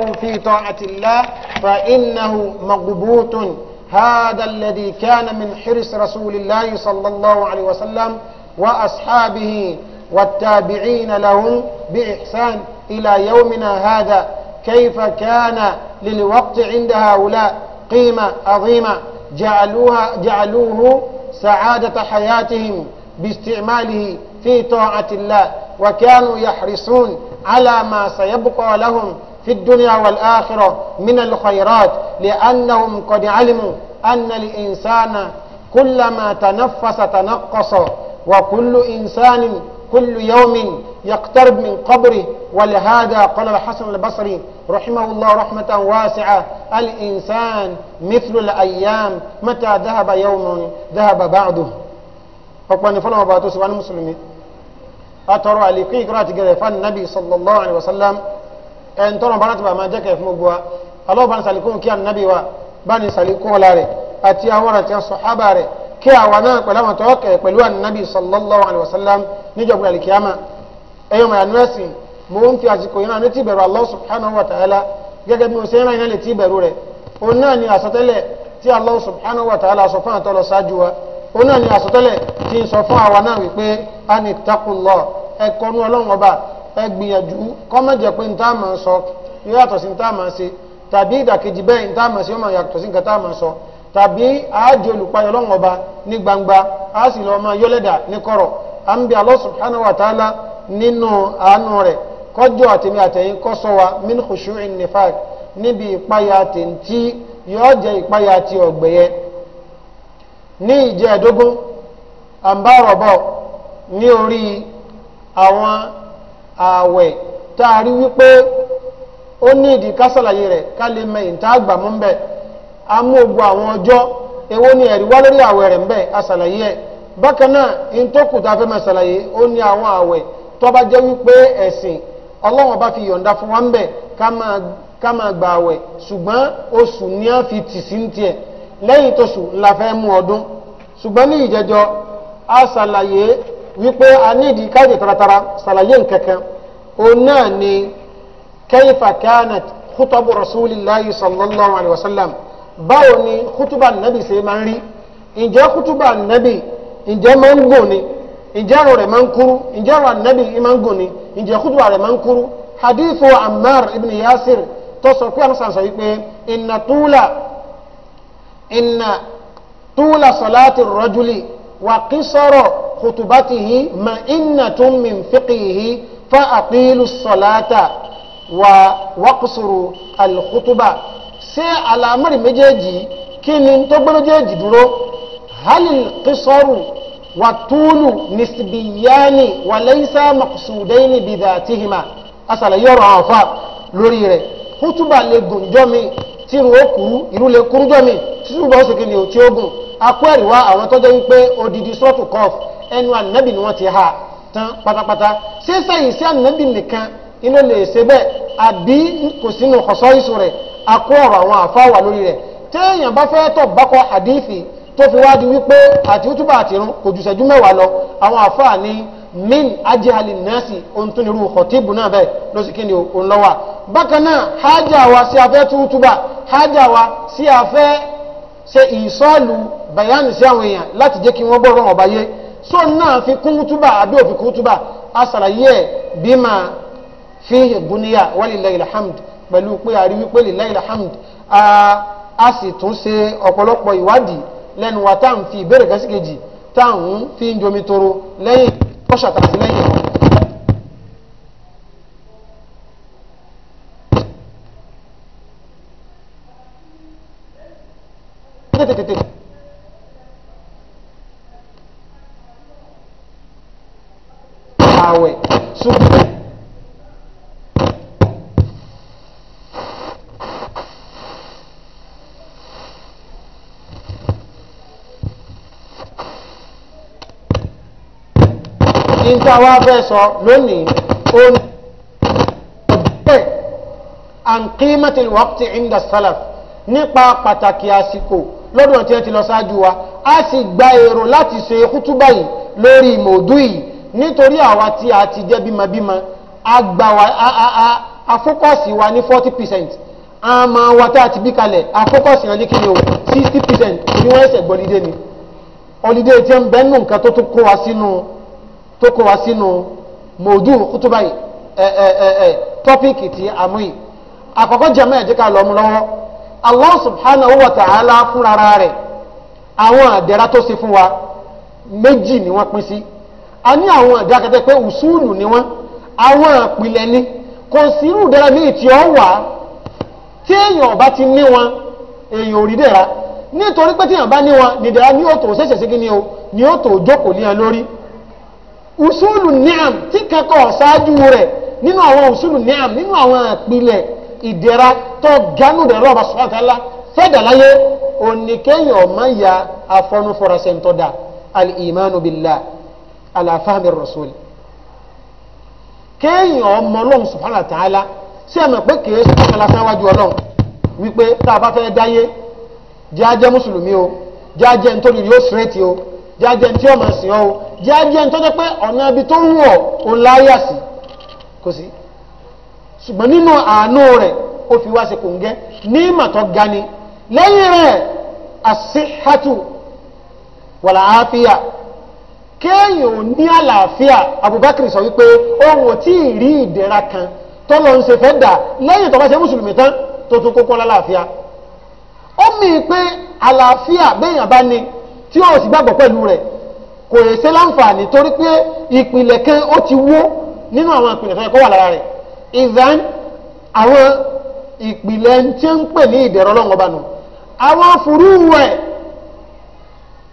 لهم في طاعة الله فإنه مغبوط هذا الذي كان من حرص رسول الله صلى الله عليه وسلم وأصحابه والتابعين لهم بإحسان إلى يومنا هذا كيف كان للوقت عند هؤلاء قيمة عظيمة جعلوها جعلوه سعادة حياتهم باستعماله في طاعة الله وكانوا يحرصون على ما سيبقى لهم في الدنيا والآخرة من الخيرات لأنهم قد علموا أن الإنسان كلما تنفس تنقص وكل إنسان كل يوم يقترب من قبره ولهذا قال الحسن البصري رحمه الله رحمة واسعة الإنسان مثل الأيام متى ذهب يوم ذهب بعده ọ̀pọ̀ni fọ́lọ̀mọ̀ bá tó sọ wá ní musulmi a tọrọ àlékún ìkọ́lá àti ẹn tọrọ bá láti bá máa jẹ́kẹ̀ fún gbogbo wa Allah bá ní sàlékún kí ànábì wa bá ní sàlékún ọlá rẹ̀ àti àwọn àti sàhábà rẹ̀ kí àwa náà pẹ̀lú àwọn tọ́wọ́ kẹ̀ pẹ̀lú ànábì sallallahu alayhi wa sallam níjọba alikiyama ẹ̀yọ́ mọ̀ àánú ẹ̀sìn mo ń fi àsìkò yìí náà létí ìbẹ̀rù Allah subhanahu wa ta'ala gẹ́gẹ́ bí mo ṣe ń ràn yín létí ìbẹ̀rù òun náà ni àsọtẹ́lẹ̀ tí Allah subhanahu wa ta'ala sọ fún àtọ́lọ ṣáájú wa òun náà ni àsọtẹ́lẹ̀ tí sọ fún àwa náà wípé anittaqullah ẹ̀kọ́nú ọlọ́run ọba ẹ gbìyànjú kọ́mọ̀jẹ̀ pé ní tá sọ yóò sí ní tá ṣe tàbí ìdàkejì bẹ́ẹ̀ ní tá ṣe yàtọ̀ sí sọ tàbí àájò olùpayọ̀ gbangba a sì lọ́ọ́ ma yọ́lẹ́dà ní kọ̀rọ̀ à ń bẹ Allah subhanahu wa ta'ala nínú àánú rẹ̀ kọjọ́ àtẹ̀mí àtẹ̀yìn wa min níbi ìpayà jẹ́ ìpayà ti ọ̀gbẹ̀yẹ ní ìjẹ́ àǹbá ààwẹ̀ tá a rí wípé ó ní ìdí kásàlàyé rẹ̀ ká lè mẹ ìta àgbà mú bẹ́ẹ̀ a mú ogun àwọn ọjọ́ èwo ni ẹ̀rí wá lórí ààwẹ̀ rẹ̀ bẹ́ẹ̀ àṣàlàyé ẹ̀ bákan náà in tó kù tá a fẹ́ máa ṣàlàyé ó ní àwọn ààwẹ̀ tó bá jẹ́ wípé ẹ̀sìn ọlọ́wọ́n bá fi yọ̀ǹda fún wa ń ká máa gba ààwẹ̀ ṣùgbọ́n oṣù ni a fi tì sí tiẹ̀ lẹ́yìn tóṣù la fẹ́ mú ọdún ṣùgbọ́n ní ìjẹjọ́ a ṣàlàyé wípé a nídìí káyè taratara ṣàlàyé nkankan òun náà ni kayfa kanat khutabu rasulillahi sallallahu alayhi wa sallam báwo ni khutuba nàbì ṣe máa ń rí ǹjẹ́ khutuba nàbì ǹjẹ́ máa ń gùn ni ǹjẹ́ ọ̀rọ̀ rẹ̀ máa ń kúrú ǹjẹ́ ọ̀rọ̀ nàbì máa ń gùn ni ǹjẹ́ khutuba rẹ̀ máa ń kúrú hadithu ammar ibn yasir tó sọ pé àwọn sọ wípé ìnà túlà ìnà túlà sọláàtì rọjúlì wà kí khutubatihi ma ìnà tún min fiqihi فأطيلوا الصلاة ووقصروا الخطبة ṣé àlàmọ́rì méjèèjì kí ni tó gbé méjèèjì dúró halil kisoru wàtúlù nisibiyani wàlẹ́yìísá makusudẹ́yìn bìdàtìhìmà asàlàyé ọ̀rọ̀ àwọn afa lórí rẹ̀ kútùbà lè gùn jọ́mi tí irun ó kúrú irú lè kúrú jọ́mi tí túbọ̀ ó sèkìnnì ò tí ó gùn akó ẹ̀rí wá àwọn tọ́jọ́ wípé odidi sọ́ọ̀tù kọ́f ẹnu ànábì ni wọ́n ti ha tán pátápátá ṣé sẹ́yìn sí ànábì nìkan inú lè ṣe bẹ́ẹ̀ àbí kò sínú ọ̀sọ́ ìṣù rẹ̀ akó ọ̀rọ̀ àwọn àfáwà lórí rẹ̀ téèyàn bá fẹ́ tọ̀ bákọ̀ àdífì tó fi wá di wípé àti útúbà àti irun kò ju ṣẹ́jú mẹ́wàá lọ àwọn àfáà ní min ajihali nasi ohun tó nírú ọ̀tíìbù náà bẹ́ẹ̀ ló sì kíni òun lọ́wà bákan náà hájà wa sí afẹ́ tó útúbà hájà wa sí afẹ́ ṣe ìsọ́ọ̀lù bàyánì sí àwọn èèyàn láti jẹ́ kí wọ́n gbọ́ ọ̀rọ̀ ọ̀báyé sọ náà fi kún túbà àbí òfi kún túbà a ṣàlàyé ẹ̀ bí máa fi ìbúníyà walillahi alhamd pẹ̀lú pé a a sì tún ṣe ọ̀pọ̀lọpọ̀ ìwádìí lẹ́nu wa táà ń fi ìbéèrè kẹ́sìkejì táà ń sókè. níta wá fẹ́ sọ lónìí ó ní ọ̀dẹ́ àǹkímẹ́tì wọ́pítì ìndà sálàf nípa pàtàkì àsìkò lọ́dún ọ̀tí ẹ ti lọ ṣáájú wa a sì gba èrò láti ṣe kútúbà yìí lórí mòdú yìí nítorí àwa tí a ti jẹ́ bima bima afọ́kọ̀sì wa ní forty percent àmọ́ wa tá a ti bí kalẹ̀ afọ́kọ̀sì wọn ní kí ni o sixty percent ní wọ́n ẹsẹ̀ gbọ́lídé ni ọ̀lídé tí ń bẹ́ẹ̀ nù nǹkan tó tó kó wa sínú tó kó wa sínú mòdù kútúbà yìí ẹ ẹ ẹ ẹ tọ́píìkì tí a mú yìí àkọ́kọ́ jẹ́mọ́ ẹ̀ jẹ́ ká lọ́mú lọ́wọ́ Allah subhanahu wa ta'ala fúnra rẹ̀ àwọn àdẹ́ra tó ṣe fún wa méjì ni wọ́n pín sí. Si a ní àwọn àdákẹ́tẹ́ pé ùsùlù ni wọ́n àwọn àpìlẹ̀ ni kò sí irú dára míì tí ó wà tí èèyàn bá ti ní wọn èèyàn ò rí dẹ̀ra nítorí pé tíyàn bá ní wọn nìdẹ̀ra ní òtò ṣẹ̀ṣẹ̀ sí kíni o ní òtò jókòó ní ẹ lórí ùsùlù ni'am tí kẹ́kọ̀ọ́ ṣáájú rẹ̀ nínú àwọn ùsùlù ni'am nínú àwọn àpìlẹ̀ ìdẹ̀ra tó gánú dẹ̀rọ ọba al-imanu billah ala fahmi rasul kéèyàn ọmọ ọlọ́run subhanahu wa ta'ala sí ẹ̀mọ̀ pé kìí ṣe kọ́kànlá sáwájú ọlọ́run wípé tá a bá fẹ́ dáyé jẹ́ ajẹ́ mùsùlùmí o jẹ́ ajẹ́ nítorí yóò sírẹ́tì o jẹ́ ajẹ́ tí ọmọ sìn ọ́ o jẹ́ ajẹ́ nítorí pé ọ̀nà ibi tó wù ọ́ ò láyà sí kò sí ṣùgbọ́n nínú àánú rẹ̀ ó fi wá ṣe kò ní ìmọ̀tọ́ gani lẹ́yìn rẹ̀ àṣìhàtù wàlàáfíà kéèyàn ní àlàáfíà Abubakar sọ wípé òun ò tí ì rí ìdẹ̀ra kan tó lọ ń ṣe fẹ́ dà lẹ́yìn tó bá ṣe mùsùlùmí tán tó tún kókó lálàáfíà ó mì pé àlàáfíà béèyàn bá ní tí ó sì gbàgbọ́ pẹ̀lú rẹ̀ kò lè ṣe láǹfààní torí pé ìpìlẹ̀ kan ó ti wó nínú àwọn ìpìlẹ̀ tó kó wà lára rẹ̀ ìdán àwọn ìpìlẹ̀ tí ń pè ní ìdẹ̀rọ̀ ọlọ́run ọba àwọn fùrú rẹ̀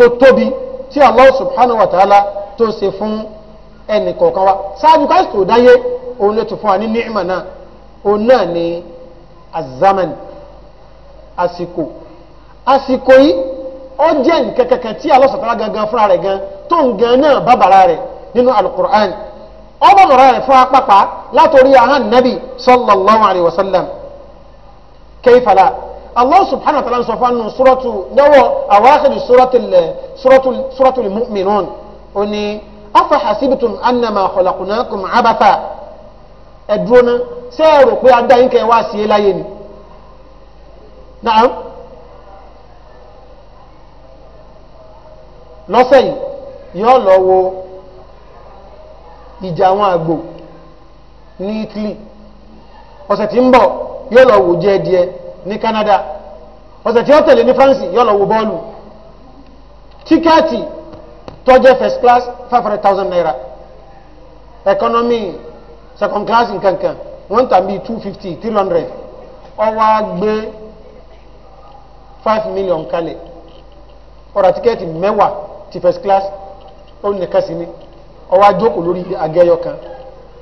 tó tóbi tí Allah subhanahu wa ta'ala tó ṣe fún ẹnì kọ̀ọ̀kan wa ṣáájú ká tó dáyé òun ló ti fún wa ní ní'mà náà òun náà ni azaman àsìkò àsìkò yìí ó jẹ́ nǹkan kankan tí Allah subhanahu gangan fúnra rẹ̀ gan tó ń gan náà bàbàrà rẹ̀ nínú alukur'an ọba mọ̀ra rẹ̀ fún apápá látòrí ahán nabi sallallahu alayhi wa sallam kayfa Allah subhanahu wa ta'ala sọ fún un suratu lọ́wọ́ àwáṣẹ́lì suratul mu'minun ó ní afa hasibtum annama khalaqnakum abatha ẹ̀dúróná ṣé ẹ rò pé adáyín kẹ́ wá sí i láyé ni. Naam lọ́sẹ̀ yìí yóò lọ wo ìjà àwọn àgbò ní Italy ọ̀sẹ̀ tí ń bọ̀ yóò lọ wò jẹ́ díẹ̀. ni Canada ọ̀sẹ̀ tí ó tẹ̀lé ní France yóò lọ wo bọ́ọ̀lù tíkẹ́ẹ̀tì tó jẹ́ first class five hundred thousand naira economy second class nkankan wọ́n tà bí two fifty three hundred ọwọ́ agbé five million kalẹ̀ ọ̀rọ̀ tíkẹ́ẹ̀tì mẹ́wàá ti first class ó nìkan sí ni ọwọ́ ajókòó lórí agẹ́yọ kan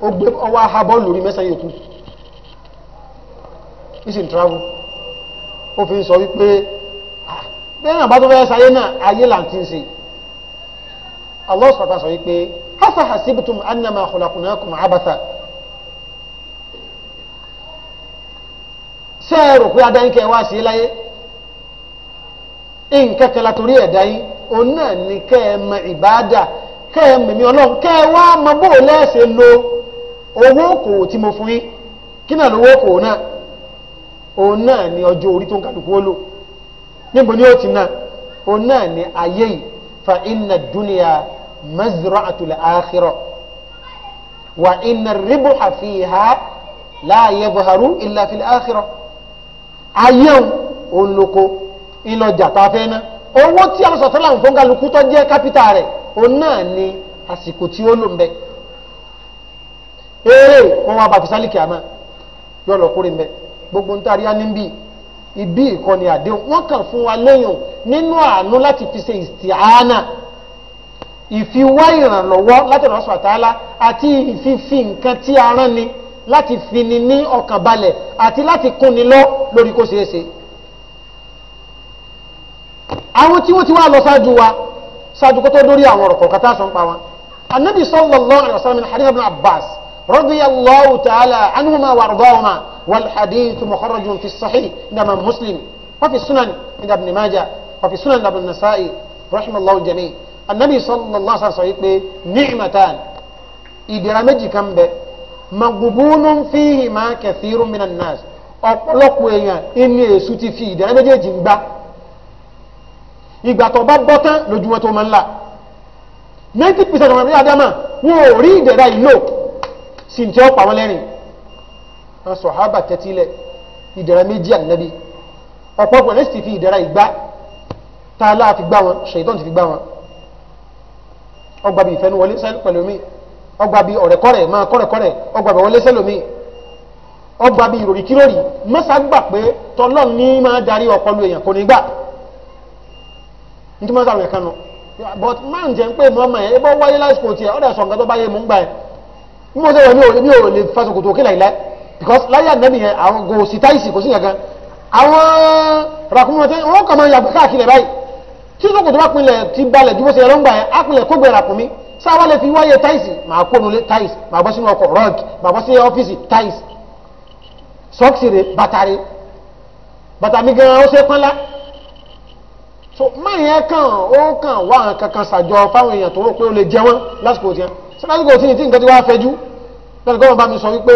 ó gbé lórí mẹ́sàn-án yòókù ìsìn travel. ó fi sọ wípé ah, bẹ́ẹ̀ bá tó fẹ́ sáyé náà ayé là ń ti ń Allah sọ wípé hafa hasibtum annama khalaqnakum abatha sẹ́ẹ̀rù pé adáyínkẹ́ wá sí láyé la torí òun náà ni kẹ́ ẹ mọ ìbáàdà kẹ́ ẹ mẹ̀mí ọlọ́run kẹ́ ẹ wá mọ bó lo owó mo fún yín kí náà lówó òun náà ni ọjọ́ orí tó ń kálukú ó lò níbo ni ó ti náà òun náà ni ayé yìí fa inna dunya mazra'atul akhirah wa inna ribuha fiha la yadhharu illa fil akhirah ayé òun lóko ìlọjà tá a fẹ́ náà owó tí a sọ̀tọ́ làwọn fún kálukú tó jẹ́ kápítà rẹ̀ òun náà ni àsìkò tí ó lò ń bẹ eré wọn wá bá sálíkì àmà yọ lọ kúrin bẹ́ẹ̀ gbogbo ń tarí á níbí ibi ìkọni àdéhùn wọ́n kàn fún wa lẹ́yìn nínú àánú láti fi ṣe ìsìtìhánà ìfiwá ìrànlọ́wọ́ láti ọ̀nà ọ̀sùn àti ìfífi nǹkan tí a rán ni láti fi ni ní ọkàn balẹ̀ àti láti kún ni lọ lórí kó ṣeé ṣe. àwọn tí wọ́n ti wá lọ ṣáájú wa ṣáájú kó tó dórí àwọn ọ̀rọ̀ kọ̀ọ̀kan tá a sọ ń pa wọn. anabi sallallahu alaihi wasallam hadith bin abbas رضي الله تعالى عنهما وارضاهما والحديث مخرج في الصحيح عند امام مسلم وفي السنن عند ابن ماجه وفي السنن ابن النسائي رحم الله الجميع النبي صلى الله عليه وسلم pé نعمتان ìdẹ̀ra méjì kan مغبون فيهما كثير من الناس ọ̀pọ̀lọpọ̀ èèyàn إني سوتي في fi جنبا méjèèjì ń gbá ìgbà tó bá bọ́ tán lójú wọn tó máa ń là 90% ọmọ ìyá adama wọn ò rí sinti ní tí wọ́n pa wọ́n lẹ́rìn wọn sọ̀hábà tẹ́tílẹ̀ ìdára méjì ànábì si fi ìdára igba taala a fi gbá wọn ṣèyítọ́n ti fi gba wọn ọgbà bí ìfẹ́nu wọlé sẹ́lẹ̀ pẹ̀lú mi ọgbà bí ọ̀rẹ́kọ́rẹ́ máa kọ́rẹ́kọ́rẹ́ ọgbà bí mi mo mọ̀ sọ̀rọ̀ mi ò mi ò lè fasokòtò òkè láìláì because láyé àná nìyẹn àwọn gò sí táìsì kò sí yẹn gan àwọn ràkúnmọ́ tẹ́ wọ́n kàn máa yàgbé káàkiri báyìí tí sọ̀kòtò bá pinlẹ̀ ti balẹ̀ ju bó ṣe lọ́ngbà yẹn á pinlẹ̀ kó gbẹ ràkúnmí sáwá lè fi wáyé táìsì máa kó nulẹ̀ táìsì máa bọ́ sínú ọkọ̀ rọ́ọ̀kì máa bọ́ sí ọ́fíìsì táìsì sọ́ọ̀kì rè bàtàrí bàtà mi gan ó ṣe pánlá so máa yẹn kàn ó kàn wá kankan ṣàjọ fáwọn èèyàn tó rò pé ó lè jẹ wọn lásìkò tiẹ̀ sọ́dọ̀ tí tí nǹkan ti wá fẹjú lọ́dọ̀ gọ́ọ̀mù bá mi sọ wípé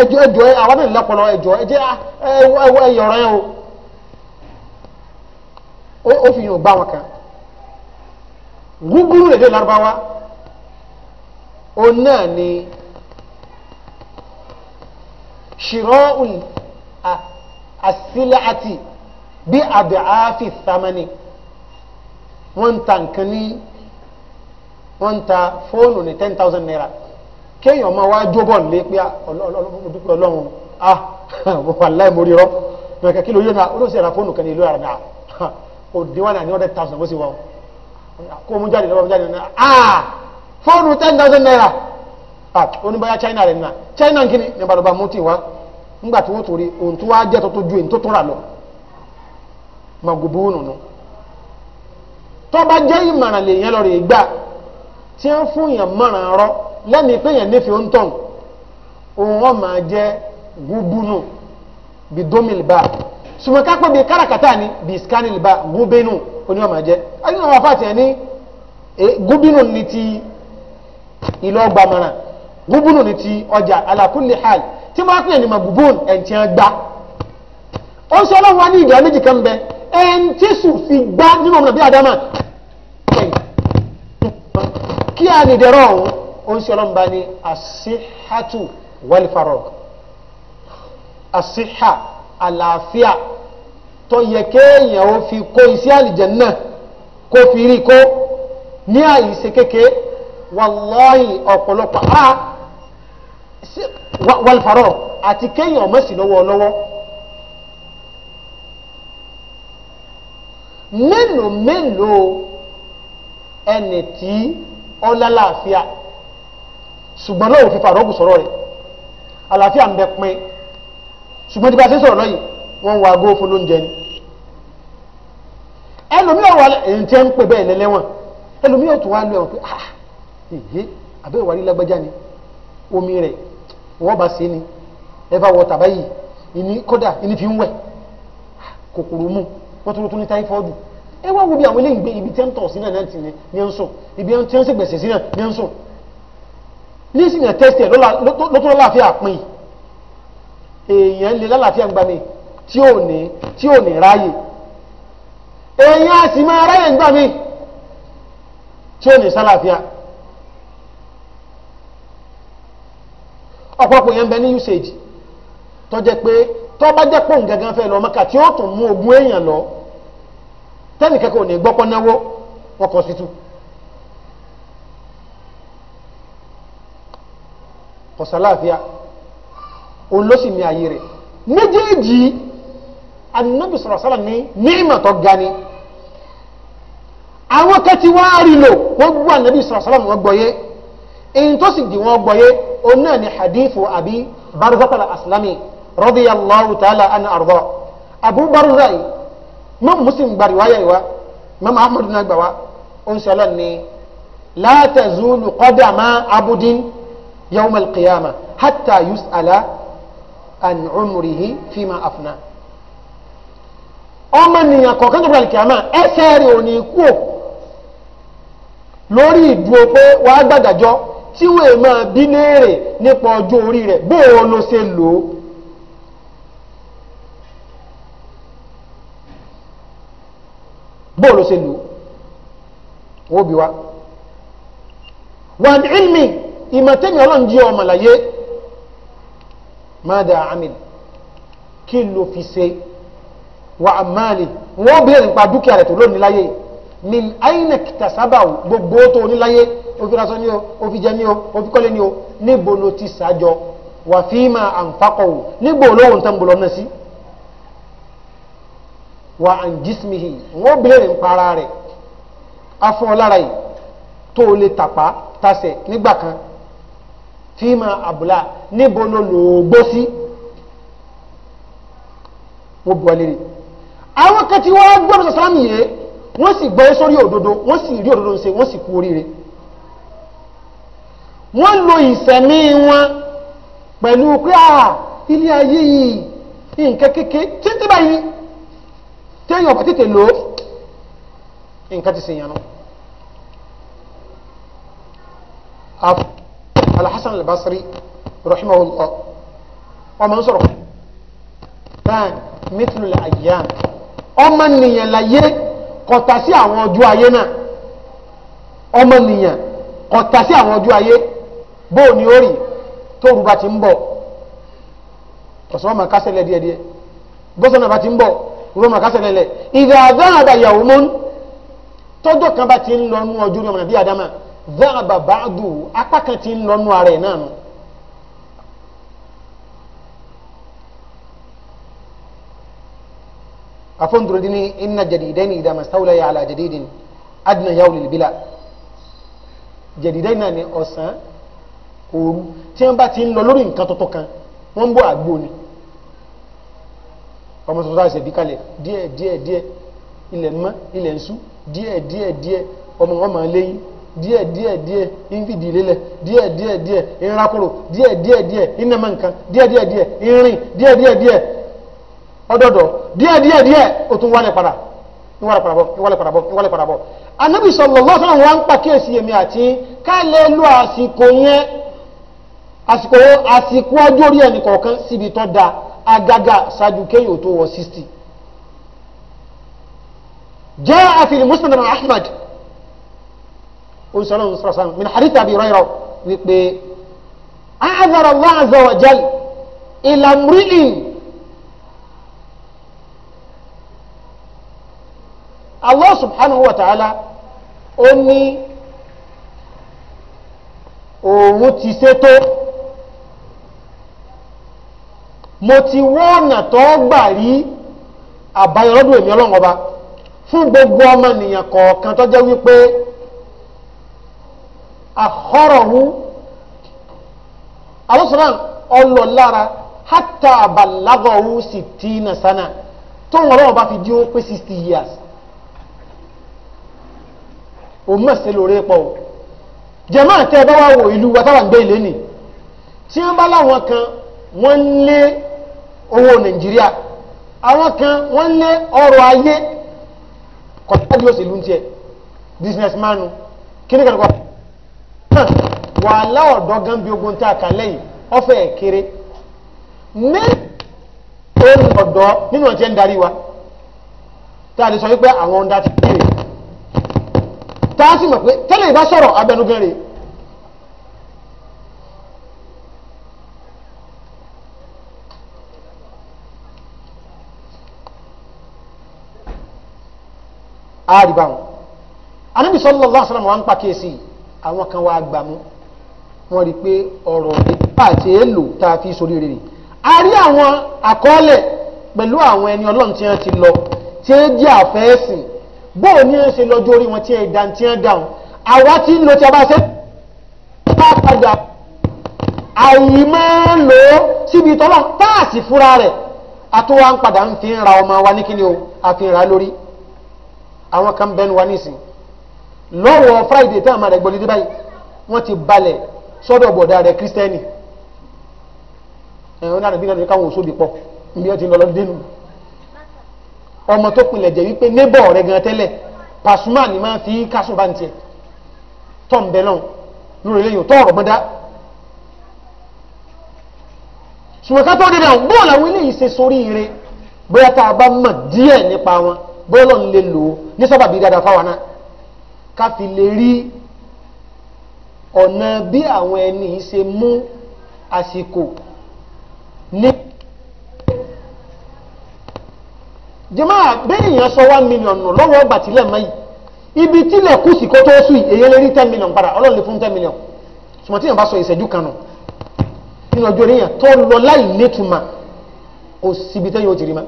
ẹjọ́ ẹjọ́ àwọn náà lọ́pọ̀lọ́ ẹjọ́ ẹjẹ́ ẹyọ̀rẹ́ o ó fi yàn bá wọn kan gúgúrú lèdè lárúbáwá o náà ni ṣìrọ́ùn àsíláàtì bí àbẹ̀ àáfì sámánì wọ́n ń ta nǹkan ní wọ́n ń ta fóònù ní ten thousand naira kéèyàn máa wá jóbọ̀ nílé pé ah, ọlọ́run ọlọ́run ah wàláì mo rí rọ́ mẹ̀kẹ́ kí ló yẹ náà olóṣèlú ra fóònù kan ní ìlú ara náà òde wà náà ní hundred thousand bó sì wà ó kó mú jáde lọ́wọ́ mú jáde náà ah fóònù ten thousand naira ah oníbàyà China rẹ̀ nà China nkíni ní balùbà mútì wá ńgbà tí wọ́n torí ohun tó wá jẹ́ tó tó ju èyí tó tó rà lọ màgòbó nùnú tó bá jẹ́ ìmọ̀ràn lèèyàn lọ rè é tí wọ́n fún yàn mọ́ràn rọ lẹ́mìí pé yàn nífẹ̀ẹ́ ń tàn òun wọn máa jẹ́ gúbúnù bí dómìlbà ṣùgbọ́n ká pé bí káràkátà ni bí skánìlbà gúbínù oní wọn máa jẹ́ ẹni wọn fà tiẹ̀ ní e, gúbínù ní ti ìlú ọgbà mọ́ràn gúbúnù ní ti ọjà alákùnlé hàl tí wọ́n á pè ní màbúbùn ẹ̀ǹtí ẹ̀ gbá ó sọ ọlọ́run wa ní ìdá méjì kan bẹ ẹ̀ǹtí sùn fi gbá nínú ọmọ nàbí àdámà kí a ní dẹ̀rọ̀ ọ̀hún ó ń sọ̀rọ̀ nípa ní asíhàtù wàlífàrọ̀ asíhà àlàáfíà tó yẹ kéèyàn ó fi kó iṣẹ́ àlìjànnà kó fi rí kó ní àyíṣe kékeré wàlọ́ọ̀yì ọ̀pọ̀lọpọ̀ a wàlífàrọ̀ àti kéèyàn ọmọ sí mélòó mélòó ẹni tí ọlálàáfíà ṣùgbọ́n lóòrùn fífa rọ́gùn sọ̀rọ̀ rẹ̀ àlàáfíà ń bẹ pin ṣùgbọ́n tí bá ṣe sọ̀rọ̀ lọ́yìn wọ́n ń wa góòfó lóúnjẹ ni ẹlòmíràn wà èyí tẹ́ ń pè bẹ́ẹ̀ lẹ́lẹ́wọ̀n ah èyí àbẹ́ ìwà lílágbájá ni omi ni ẹ̀fà wọ̀ tàbáyì ìní kódà ìní fi ń ẹ wá wo bí àwọn eléyìí gbé ibi tẹ́ ń tọ̀ sí náà náà ti ní ń sùn ibi tí wọ́n ń sègbèsè sí náà ní ń sùn nísìnyí ẹ̀ tẹ́sítì ẹ̀ lótó lálàáfíà pin èèyàn lè lálàáfíà ń gbà mí tí ò ní tí ò ní ráyè èèyàn á sì máa ráyè ń gbà mí tí ò ní sálàáfíà ọ̀pọ̀pọ̀ yẹn ń bẹ ní usage tó jẹ́ pé tó bá jẹ́ pòun gangan fẹ́ lọ mọ́kà tí ó tún mú ogún èèyàn lọ tẹ́nì kẹ́kọ̀ọ́ ní gbọ́pọ́ náwó ọkọ̀ sí tu kọ̀sálàáfíà òun ló sì ní ayé rẹ̀ méjèèjì Ànábì sọ̀rọ̀ sọ́lá ní ní ìmọ̀tọ́ ga ni àwọn kẹ́tí wá rí lò wọ́n gbọ́ Ànábì sọ̀rọ̀ sọ́lá wọn gbọ́yé èyí tó sì dì wọ́n gbọ́yé òun náà ni hadithu àbí Barzata al-Aslami radiyallahu ta'ala anhu arda Abu Barza mọ́mù مسلم gbari wáyà ìwá mọ́mù ahmadu náà gbà wá oúnjẹ لا تزول la tazulu يوم القيامة حتى يسأل عن عمره فيما an umrihi fima afna ọmọ nìyàn kọ̀ọ̀kan tó gbà kìámà ẹsẹ̀ rẹ̀ ò ní kú ò lórí ìdúró pé wàá gbàdàjọ tí wọ́n máa bí léèrè nípa ọjọ́ orí rẹ̀ bóò ló ṣe lò ó bóòlù ṣe lù wọ́n bí wa wà ní ilmi ìmọ̀tẹ́mi ọlọ́run jí ọmọ láyé mada amil kí ló fi ṣe wà á máàlì wọ́n bí ẹ̀rìn pa dúkìá rẹ̀ tó lónìí láyé min aina kìtàsábà gbogbo tó níláyé òfìrasọ ni o òfìjẹ ni o òfìkọ́lé ni o níbo ló ti sàájọ wà fíìmà àǹfàkọ̀wò níbo olówó ń tán bọ̀lọ́ náà sí. Si wa á jísìmìhì wọ́n béèrè ńpara rẹ̀ afọlára yìí tó o lè tàpá tasẹ̀ nígbà kan fíìmà àbúlà níbo ló lò ó gbó sí wọ́n bu ọlẹ́rì àwọn kẹtí wọ́n gbọ́dọ̀ sàsámì yẹn wọ́n sì gbọ́ sórí òdodo wọ́n sì rí òdodo ṣe wọ́n sì kú oríire wọ́n lo ìsẹ̀mí wọn pẹ̀lú pé ilé ayé yìí nǹkan kékeré títí báyìí téèyàn bá tètè lò ó nǹkan ti sèyàn nù. alhassan albasri rahimahullah ọmọ n sọ̀rọ̀ náà mithlu al-ayyam ọmọ nìyẹn láyé kọta sí àwọn ọjọ́ ayé náà ọmọ nìyẹn kọta sí àwọn ọjọ́ ayé bóò ni ó rì tóru bá ti ń bọ̀ ọ̀sán ọmọ kásẹ̀ lẹ́díẹ̀díẹ̀ bọ́sẹ̀ bá ti ń bọ̀ roma kásẹ̀lẹ̀ lẹ̀ ìdá dáàbà yawmun tọ́jọ́ kan bá ti ń lọ nú ọjọ́ ní ọmọ nàbí àdámà dáàbà báàdù apá kan ti ń lọ nú ara ẹ̀ náà nù. afọ́ndúró dín ní inna jadidaini idha mastawlaya ala jadidin adna yawlil bila jadidaini náà ní ọ̀sán òru tí wọ́n bá ti ń lọ lórí nǹkan tuntun kan wọ́n ń bọ́ àgbo ni ọmọ tuntun láti ṣèbí kalẹ̀ díẹ̀ díẹ̀ díẹ̀ ilẹ̀ mọ́ ilẹ̀ ń sú díẹ̀ díẹ̀ díẹ̀ ọmọ wọn máa léyìn díẹ̀ díẹ̀ díẹ̀ ìfìdí lélẹ̀ díẹ̀ díẹ̀ díẹ̀ ìrakòrò díẹ̀ díẹ̀ díẹ̀ ìnàmọ̀ nǹkan díẹ̀ díẹ̀ díẹ̀ ìrìn díẹ̀ díẹ̀ díẹ̀ ọdọọdọ díẹ̀ díẹ̀ díẹ̀ ó tún wálẹ̀ padà ìwálẹ̀ padà bọ̀ ìwálẹ̀ padà bọ̀ ìwálẹ̀ padà bọ̀ anabi sallallahu alaihi wasallam ń pàkíyèsí èmi àti ká lè lo àsìkò yẹn àsìkò àsìkò ọjọ́ orí ẹnì kọ̀ọ̀kan síbi tó dáa agaga ṣáájú kéèyàn tó wọ sixty jẹ́ àfihàn muslim bin ahmed oṣù ọlọ́run sọ̀rọ̀ sáà min hadith abi rọ́ìrọ̀ wípé ahadara allah azza wa jal ìlàmúrìlì allah subhanahu wa ta'ala ó ní òun ti ṣètò. mo ti wọ́ọ̀nà tó gbà rí àbáyọlọ́dún ọlọ́run ọba fún gbogbo ọmọnìyàn kọ̀ọ̀kan tó jẹ́ wípé àkọ́rọ̀hún àlọ́sọ̀rọ̀ ọlọ hátà àbàlágọ̀hún sì tí nà sánà ọba fi ó years lórí pọ̀ ìlú wa gbé ilé wọ́n ń lé owó nàìjíríà kan wọ́n ń lé ọrọ̀ ayé kọ̀tàdì òṣèlú ń tiẹ̀ businessman kíní kan kọ́ wàhálà ọ̀dọ́ gan bí ogun tá a kà lẹ́yìn ọ̀fẹ́ kéré mẹ́rin òun ọ̀dọ́ nínú ọ̀jẹ̀ ń darí wa tá lè sọ wípé àwọn ti kéré tá a sì mọ̀ pé tẹ́lẹ̀ ìbá àríbá wọn anábì sallallahu alaihi wasallam wọn ń pàkíyèsí àwọn kan wá gbà mú wọn rí i pé ọ̀rọ̀ ìdíbà àti èèlò tá a fi sórí rere a rí àwọn àkọọ́lẹ̀ pẹ̀lú àwọn ẹni ọlọ́run tí wọ́n ti lọ tí ó jẹ́ àfẹ́sìn bóò ní ṣe lọ́jọ́ orí wọn tí ẹ̀ dá tí ẹ̀ dáhùn àwa tí ń lo tí a bá ṣe bá padà àyè máa ń lò ó síbi tọ́lá táàsì fúnra rẹ̀ àtúwà ń padà ń fi ń ra ọmọ wa ní kíni o àfihàn lórí àwọn kan bẹnu wa nísìn lọ́wọ́ friday tá a máa rẹ̀ gbọ́dọ̀ dé báyìí wọ́n ti balẹ̀ sọ́dọ̀ bọ̀dá rẹ̀ kírísítẹ́nì ẹ̀rọ náà nígbà tó káwọn òṣòdì pọ̀ níbi ọtí lọ́lọ́ dénú ọmọ tó pinlẹ̀ jẹ́ wípé nébọ̀ rẹ̀ gan tẹ́lẹ̀ Pasuma ni máa fi kásùn bá ń tiẹ̀ tọ́ ń bẹ náà lórí eléyìí tọ́ ọ̀rọ̀ mọ́dá ṣùgbọ́n ká tó dé náà bóòlù àwọn bọ́ọ̀lù ń lè lò ó ní sábàbí dáadáa fáwọn náà ká fi lè rí ọ̀nà bí àwọn ẹni ṣe mú àsìkò ní. jẹ́mọ́ àbẹ́yìn yẹn sọ one million lọ́wọ́ ọgbà tílẹ̀ mọ́ ibi tílẹ̀ kù sí kó tó sùn yìí èyí lè rí ten million padà fún ten million sùmọ́tí yẹn bá sọ ìṣẹ́jú kan nù lọ láì nítumọ̀ ti rí mọ́.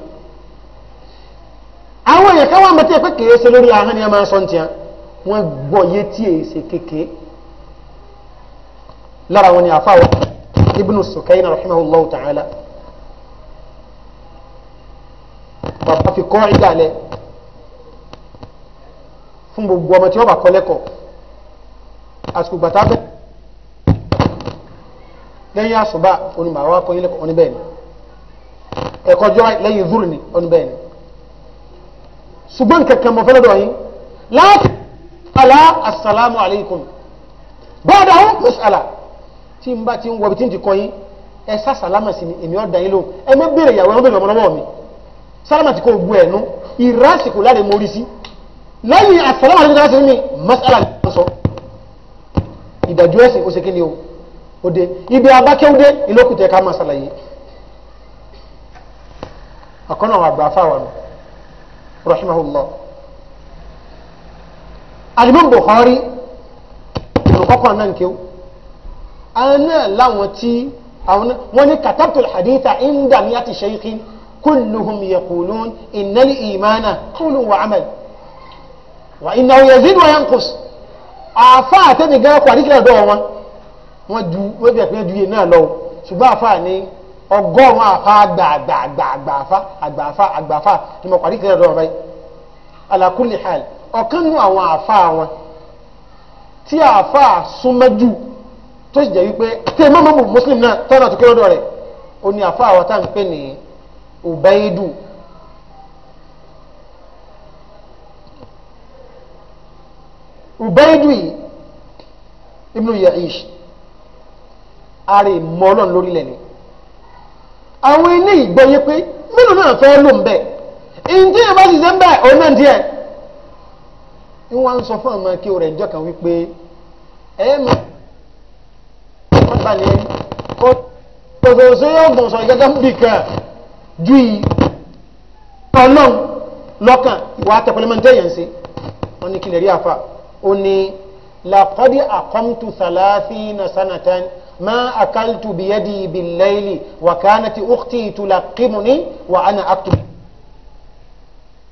àwọn èèyàn káwọn àmọ́ tí ẹ̀pẹ́ kìí ṣe lórí ahọ́n ni a máa sọ ní tiẹ́ wọ́n gbọ́ yé tí ṣe kéke lára wọn ni àfáwọ́ ibnu sukayna rahimahullahu ta'ala bàbá fi kọ́ ìdálẹ́ fún gbogbo ọmọ tí wọ́n bá kọ́ lẹ́kọ̀ọ́ àsìkò gbàtà bẹ́ẹ̀ lẹ́yìn àṣùbà onímọ̀ àwọn akọ́yẹ́lẹ́kọ̀ọ́ oníbẹ̀ẹ́ni ẹ̀kọ́jọ́ lẹ́yìn zúrù ni oníbẹ̀ẹ́ni ṣùgbọ́n kankan mọ̀ fẹ́lẹ́dọ̀ yìí láti alá assalamu alaikum bọ́ọ̀dà àwọn mùsàlá tí n bá ti ń wọbi tí n ti kọ́ yín ẹ sá sàlámà sí ni èmi ọ̀dà yín lóhùn ẹ mọ́ bèrè ìyàwó ẹ̀rọ bèrè ọmọ lọ́wọ́ mi sàlámà ti kò bu ẹ̀nu ìrásìkò láre mórí sí lẹ́yìn assalamu alaikum láti ní masala ní sọ ìdájọ́ ẹ̀sìn ó ṣe kí ni o ó dé ibi abákẹ́wọ́dé ìlókùtẹ̀ ká máa ṣàlàyé rahimahullah alimam buhari olùkọ́kọ́ náà ń kéw àwọn náà láwọn tí wọ́n ní katabtul haditha inda miyati shaykhin kulluhum yaqulun innal imana qawlun wa amal wa innahu yazid wa yanqus àfa àtẹ́nìgá kọ́ àdìgírà dọ́wọ́ wọn wọ́n ju wọ́n bí ẹ̀pẹ́ ju náà lọ ṣùgbọ́n àfa ni ọgọ́rùn-ún àfa àgbààgbààgbààgbààfa àgbààfa àgbààfa ni mo pàdé kẹrẹ lọ́wọ́ báyìí alakuli hal ọ̀kan nínú àwọn àfa wọn tí àfa súnmẹ́jù tó sì jẹ́ wípé tí ẹ̀mọ́ mọ́mú muslim náà tọ́nà tó kéré lọ́dọ̀ rẹ̀ ó ní àfa àwọn tá à ń pè ní ubaidu ubaidu yìí ibnu ya'ish a rè mọ́ ọlọ́run lórílẹ̀ ni àwọn ilé ìgbọ́yé pé mélòó náà fẹ́ lò ń bẹ̀ ǹjẹ́ ìbá ti ṣe ń bẹ̀ òun náà díẹ̀ ń wá ń sọ fún àwọn akéwò rẹ̀ ìjọ kan wípé ẹ mọ̀ wọ́n balẹ̀ kó tòṣòṣò yóò gùn sọ gẹ́gẹ́ bí kan ju ọlọ́run lọ́kàn ìwà àtẹ̀pẹ́lẹ́mọ́ntẹ́ yẹn ṣe wọ́n ní kílẹ̀ rí àfà ó ní làkọ́dí àkọ́mtù sàlàáfíì náà sánàtàn ما أكلت بيدي بالليل وكانت أختي تلقمني وأنا أكتب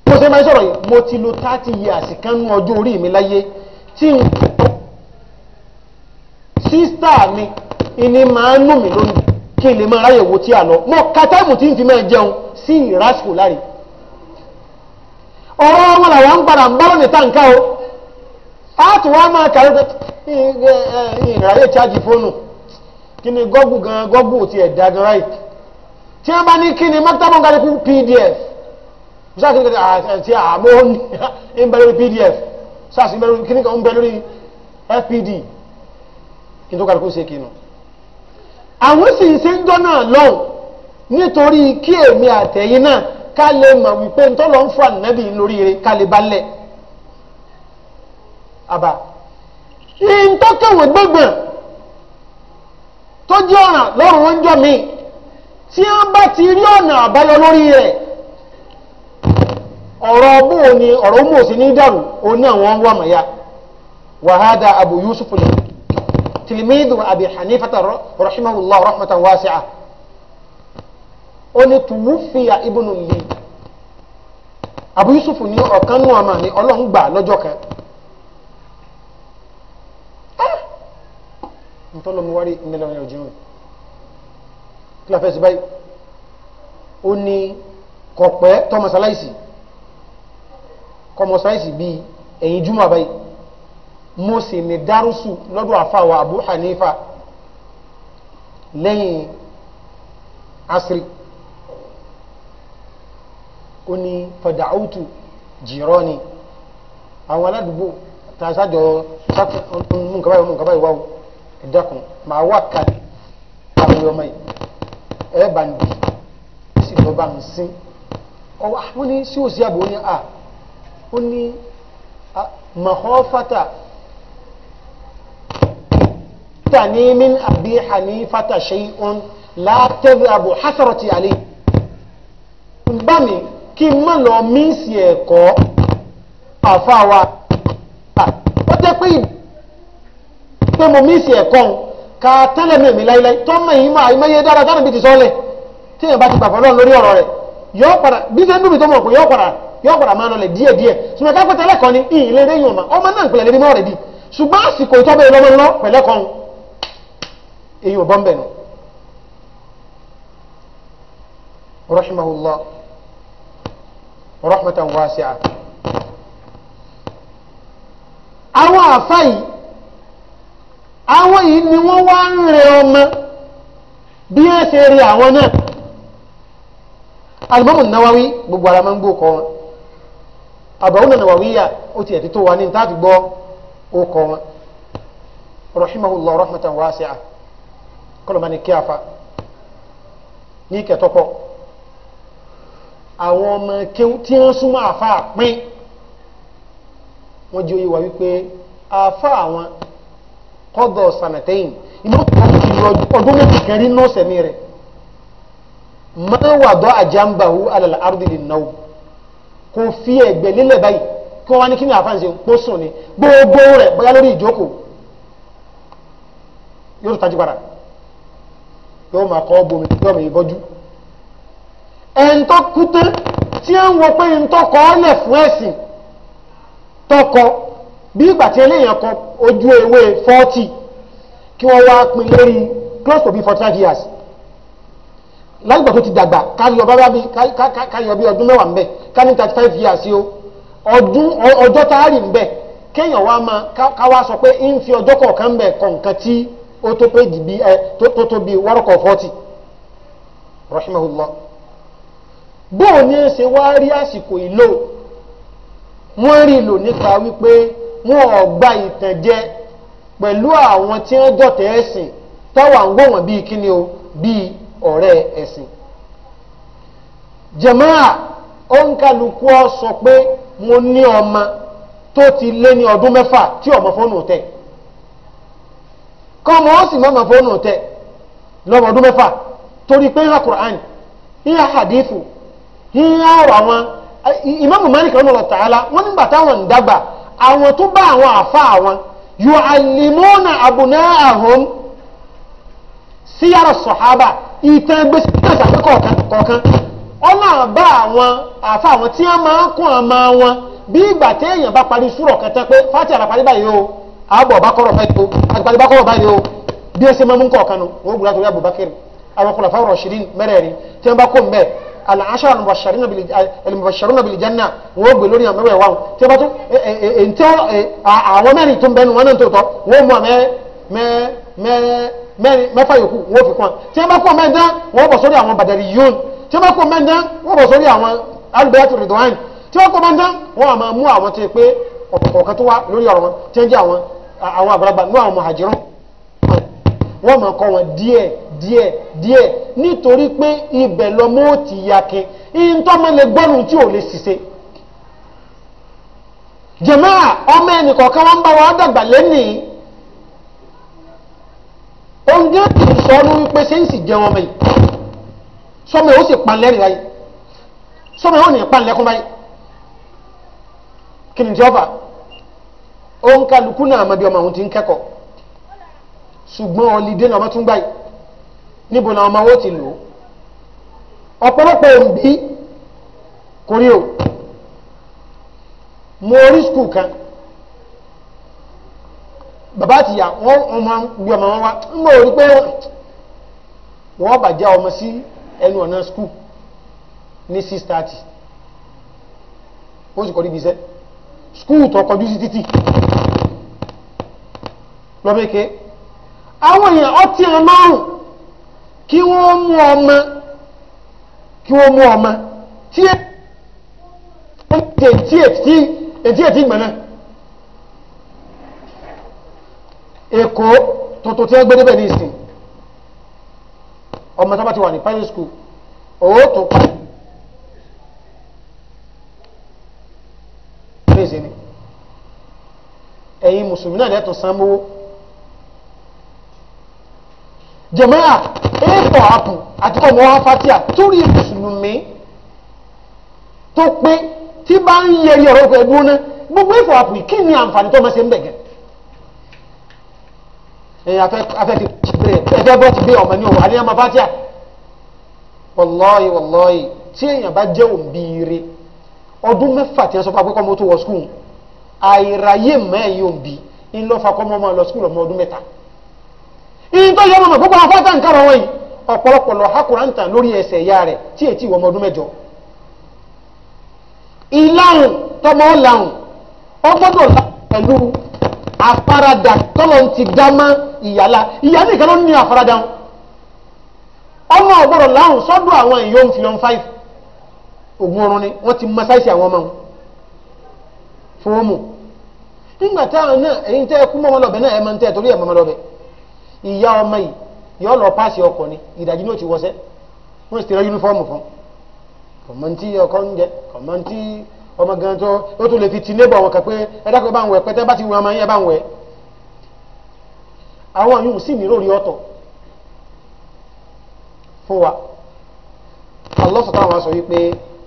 mo ṣe máa ń sọ̀rọ̀ yìí mo ti lo thirty years kan nú ọjọ́ orí mi láyé tí n sísítà mi ìní máa ń nù mí lónìí kí n lè máa ráyè wo tí a lọ mo ka táìmù tí n fi máa jẹun sí ìrásìkò láre ọ̀rọ̀ wọn làwọn ń padà ń bá lónìí tàǹkà o a tún wá máa kàwé pé ìráyè chájì fóònù. Kini ni gọ́gù gan gọ́gù ti ẹ̀dá gan ráì tí wọ́n bá ní kí ni mọ́tàbọ̀ nǹkan ní pdf sáà kí ni àti àmọ́ ń bẹ lórí pdf sáà sì kini ni ń bẹ lórí fpd kí ni tó kàlùkù ṣe kí nu. àwọn sì ń ṣe ń dọ́nà lọ́hùn nítorí kí èmi àtẹ̀yìn náà ká lè mọ̀ wípé ń tọ́lọ́ ń fún ànábì lórí eré ká lè balẹ̀ àbá ìǹtọ́kẹ̀wé gbọ̀ngbọ̀n. tó jẹ́ ọ̀nà lọ́rùn oúnjọ́ mi tí wọ́n bá ti rí ọ̀nà àbáyọ lórí rẹ̀ ọ̀rọ̀ ọmọ òní ọ̀rọ̀ ọmọ òsì ní dàrú òní àwọn wà mọ̀yá wàhádà abu yusuf lè tìlímìdù abi hanifata rahimahullah rahmatan wasi'a ó tùwúfìyà ibùnú lè abu yusuf ni ọ̀kan nù lọ́jọ́ kan. ntọ́lọ́ mi wárí ńlẹ́ lọ́wọ́ ọjọ́ rẹ̀ kí la fẹ́ sí báyìí ó ní kọ̀pẹ́ tọmọsáláìsì kọmọsáláìsì bíi ẹ̀yìn júmọ̀ báyìí mo sì ní dárúsù lọ́dọ̀ àfàwọ̀ Abu Hanifa lẹ́yìn asiri ó ní fadàáwùtù jìrọ́ ni àwọn aládùúgbò tàṣájọ sákùn mú nǹkan báyìí mú ẹdẹkùn màá wà kan àwọn ọmọ yìí ẹ bá ń bì í sì lọ́ọ́ bá ń sin ọwọ́ àwọn ní sí òsì àbò ní a ó ní mahọ́fàtà tani min abi hanifata shay'un la tadhabu hasarati alayhi bá mi kí n má lọ mí sí ẹ̀kọ́ àfa wa ó jẹ́ pé ìbí pé mo mísì ẹ̀kọ́ ń ka tẹ́lẹ̀ mi mi láíláí tọ́mọ yìí máa ìmọ̀ye dára dára mi ti sọ́lẹ̀ tí èèyàn bá ti gbàgbọ́ lọ́n lórí ọ̀rọ̀ rẹ̀ yọ padà bí sẹ́ nùbí tó mọ̀ pé yọ padà yọ padà máa lọlẹ̀ díẹ̀ díẹ̀ sùmọ̀ ká pẹ́tẹ́lẹ̀ kan ni ìyìnlẹ̀ rẹ̀ yìí ọ̀ma ọmọ náà ń pèlè lérí mọ́ rẹ̀ di ṣùgbọ́n àsìkò ìtọ́bẹ̀ àwọn àfáà yìí àwọn yìí ni wọ́n wá ń rẹ ọmọ bí wọ́n ṣe rí àwọn náà alimọ́mù náwáwí gbogbo ara máa ń gbó kọ wọn àbáwọn náwáwí yà ó tiẹ̀ ti tó wa ní ní táàbí gbọ́ ó kọ rahmatan ni kí a fa ní ìkẹtọ́pọ̀ àwọn ọmọ kéwú tí wọ́n súnmọ́ àfa wọ́n oyè wa wípé àfa àwọn. kọ́dọ̀ sànàtẹ́yìn ìmọ̀ ọdún méjì kan rí nọ́ọ̀sẹ̀ mi rẹ̀ máa wà dọ́ àjàmbáwú alàlà àrùdìlì náà kò fi ẹ̀gbẹ́ lélẹ̀ báyìí kí wọ́n wá ní kí ni àfáàǹsì ń pọ́ sùn ni gbogbo rẹ̀ bóyá lórí ìjókòó yóò tún tají padà yóò máa kọ́ bomi yóò máa bọ́jú ẹ̀ńtọ́ kúté tí ń wo pé ń tọkọ ọ́lẹ̀ fún ẹ̀sìn tọkọ bí ìgbà tí eléyàn kan ojú ewé 40 kí wọ́n wá pin close to be 45 years lágbà tó ti dàgbà káyọ bá bí káyọ bí ọdún mẹ́wàá mbẹ káyọ 35 years o ọdún ọjọ́ tààrí mbẹ kéèyàn wá sọ pé ń fi ọjọ́ mbẹ tí ó tó pé ẹ tó tó bí wọ́rọ̀kọ̀ wọn ò gba ìtànjẹ pẹ̀lú àwọn tí wọ́n dọ̀tẹ̀ ẹ̀sìn táwa ń wọn bíi kíni o bíi ọ̀rẹ́ ẹ̀sìn. jẹ̀máà ọ sọ pé mo ní ọmọ tó ti lé ní ọdún mẹ́fà tí ọmọ fóònù tẹ̀ kọ́mọ ó sì mọ́mọ fóònù tẹ̀ lọ́mọ ọdún mẹ́fà torí pé ha wọ́n àwọn tó bá àwọn àfa àwọn yóò àlìmọ́nà àbùnà àhùn sí yàrá sọ̀hábà ìtàn gbèsè kíkàtà kọ̀ọ̀kan ọ̀nà àbá àwọn àfa àwọn tí wọ́n máa ń kún àmà wọn bí ìgbà tí èèyàn bá parí súrọ̀ kẹta pé fati àràparí báyìí o àbọ̀ bákọ̀rọ̀ báyìí o àgbàdì bákọ̀rọ̀ báyìí o bí ẹ ṣe máa mú kọ̀ọ̀kan nu wọ́n gbúra torí Abubakar àwọn kọlọ̀fà rọ̀ ṣìrí àlàáṣà àlùmọ̀ṣẹ̀rún nàbìlì jẹ́nà wọ́n gbé lórí àmẹ́wẹ̀ wa tí wọ́n bá tún ntẹ́ àwọn mẹ́rin tó ń bẹnu wọn náà tó tọ́ wọ́n mú àmẹ́ mẹ́fà yòókù wọ́n fi kún tí wọ́n bá kún mẹ́ta wọ́n bọ̀ sórí àwọn bàdàrí yón tí wọ́n bá kún mẹ́ta wọ́n bọ̀ sórí àwọn albert ridwan tí wọ́n kún mẹ́ta wọ́n àmọ́ mú àwọn tó yẹ pé ọ̀kọ̀ọ̀kan tó wá lórí ọ̀rọ̀ wọn tí wọ́n jẹ́ àwọn àgbàlagbà ní àwọn mọ̀hàjírún wọ́n mọ̀ kọ́ wọn díẹ̀ díẹ̀ díẹ̀ nítorí pé ibẹ̀ lọmọ ó ti yakin ìntọ́mọ lè gbọ́nù tí ò lè ṣiṣẹ́ jàmáà ọmọ ẹnìkọ̀ọ̀kan wọn bá wa dàgbà lẹ́nìí oúnjẹ kì í sọnù wípé ṣé ń sì jẹun ọmọ yìí sọmọ ó sì panlẹ́rìn báyìí sọmọ ó ní panlẹ́kún báyìí kí ni tí ó fà ó ń kálukú náà àmọ́ bí ọmọ àwọn ti ń kẹ́kọ̀ọ́ ṣùgbọ́n ọlídé ni ọmọ tún gbáyìí níbo ni ọmọ wọn ti lò ó ọ̀pọ̀lọpọ̀ òǹbí kò rí o mo rí skul kan bàbá àti ìyá wọn ọmọ gbé ọmọ wọn wá ń bọ̀ rí pé wọ́n bàjẹ́ ọmọ sí ẹnu ọ̀nà skul ní six thirty ó sì kọ́ níbi iṣẹ́ skul tó kọjú sí títì lọ́bẹ̀ẹ́kẹ́ àwọn èèyàn ọtí ẹ̀ márùn kí wọ́n mú ọmọ kí wọ́n mú ọmọ tí ètí ètí ìgbẹ̀nà èkó tuntun tí wọ́n gbé débẹ̀ ní ìsìn ọmọ tó bá ti wà ní primary school owó tó pa ẹ̀sìn ni ẹ̀yin mùsùlùmí náà lẹ́tọ̀ọ́ sanwó jẹ̀mọ́yà éèpọ̀ ààbò àti kọ́ ọmọ wa fatia torí mùsùlùmí tó pé tí bá ń yẹ ẹyẹ ọ̀rọ̀ ọ̀gbẹ́ gbóná gbogbo éèpọ̀ ààbò kí ni àǹfààní tó máa ṣe ń bẹ̀gẹ̀. ẹ̀yìn afẹ́ fi bẹ̀rẹ̀ ẹ̀fẹ́ bọ́ ti gbé ọmọ ní ọ̀wọ́ àníyàn máa fatia wàlọ́ọ̀yì wàlọ́ọ̀yì tí èèyàn bá jẹ́ òǹbíire ọdún mẹ́fà tí wọ́n sọ fún akẹ́kọ̀ọ́ mọ́tò wọ skul àìráyè mẹ́ẹ̀yìn òǹbí ńlọ́fà kọ́ mọ́ máa lọ skul ọmọ ọdún mẹ́ta. ìtọ́ yọ ọmọ gbogbo afọ́tà nǹkan ọ̀rọ̀ wọ̀nyí ọ̀pọ̀lọpọ̀ lọ hakùrà ń tà lórí ẹsẹ̀ ìyá rẹ̀ tí èyí tí wọ́n ọdún mẹ́jọ. ìlàhùn tọmọ ọ̀làhùn la pẹ̀lú àfaradà tọ́lọ̀ ń ti dá mọ́ ìyàlá ìyá nìkan ló ní ọmọ sọ́dọ̀ àwọn èèyàn ń fi fáìf ọrùn ni wọ́n ti mọ sáìsì àwọn ọmọ wọn fún nígbà ìyá ọmọ yìí yọ lọ paasi ọkọ ni ìdajì ní o ti wọṣẹ wọn sì ti ra yunifọọmù fún kọmọntì ọkọ ń jẹ kọmọntì ọmọ gan tó ó tún lè fi ti nébọ wọn kà pé ẹ dákọ bá ń wẹ pẹtẹ bá ti wọ ọmọ yẹn bá ń wẹ àwọn yòówù sì nírò rí ọ̀tọ̀ fún wa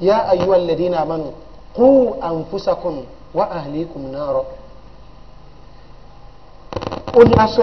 ya ayyuhal ladina amanu qu anfusakum wa ahlikum naro ó ní aṣọ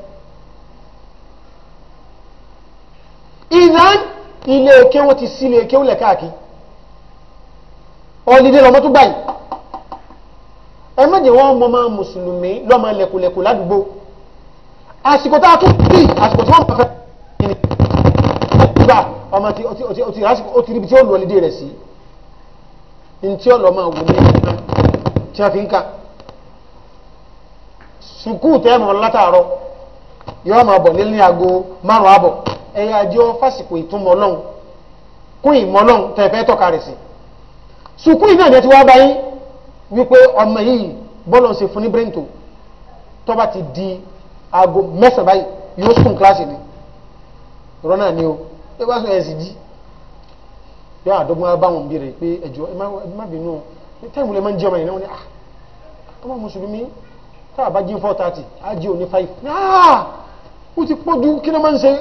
ìdán ilé èké wọn ti sí ilé èké wọn lẹ káàkiri ọ̀lídé lọ́mọ tó gbàyè ẹ méje wọn mọ máa mùsùlùmí lọ́mọ lẹ́kùlẹ́kù ládùúgbò àsìkò tá a tún bí àsìkò tí wọ́n mọ̀ fẹ́ ẹni gbà ọmọ ti ọtí ọtí lásìkò ó ti ríbi tí ó lọ ọ̀lídé rẹ̀ sí ntí ọlọ́mọ wò ní ẹ̀ka tí a fi ń ka sùkúù tẹ́ mọ̀ látàárọ̀ yóò máa bọ̀ nílé aago márùn-ún àbọ̀ ẹ̀yà àjọ fásitì ìtumọ̀ ọlọ́run kún ìmọ̀ ọlọ́run tẹ̀ fẹ́ tọ́ka rẹ̀ sí. sùkúù iná ìjọ ti wá báyìí wípé ọmọ yìí bọ́lọ̀ ń ṣe fún ní brento tó bá ti di aago mẹ́sàn-án báyìí yóò sùn kíláàsì ni ìrọ́ náà ni o ẹ bá sùn ẹ̀ sì jí yóò àdọ́gbọ́n bá wọn bí rẹ̀ pé ẹ̀jọ̀ ẹ má bínú táìmù lè máa ń jẹ́ ọmọ yìí náà wọ́n ní ah, tá a bá jí four thirty á jí òní five náà ah! ó ti pọ̀ ju kí ló máa ń ṣe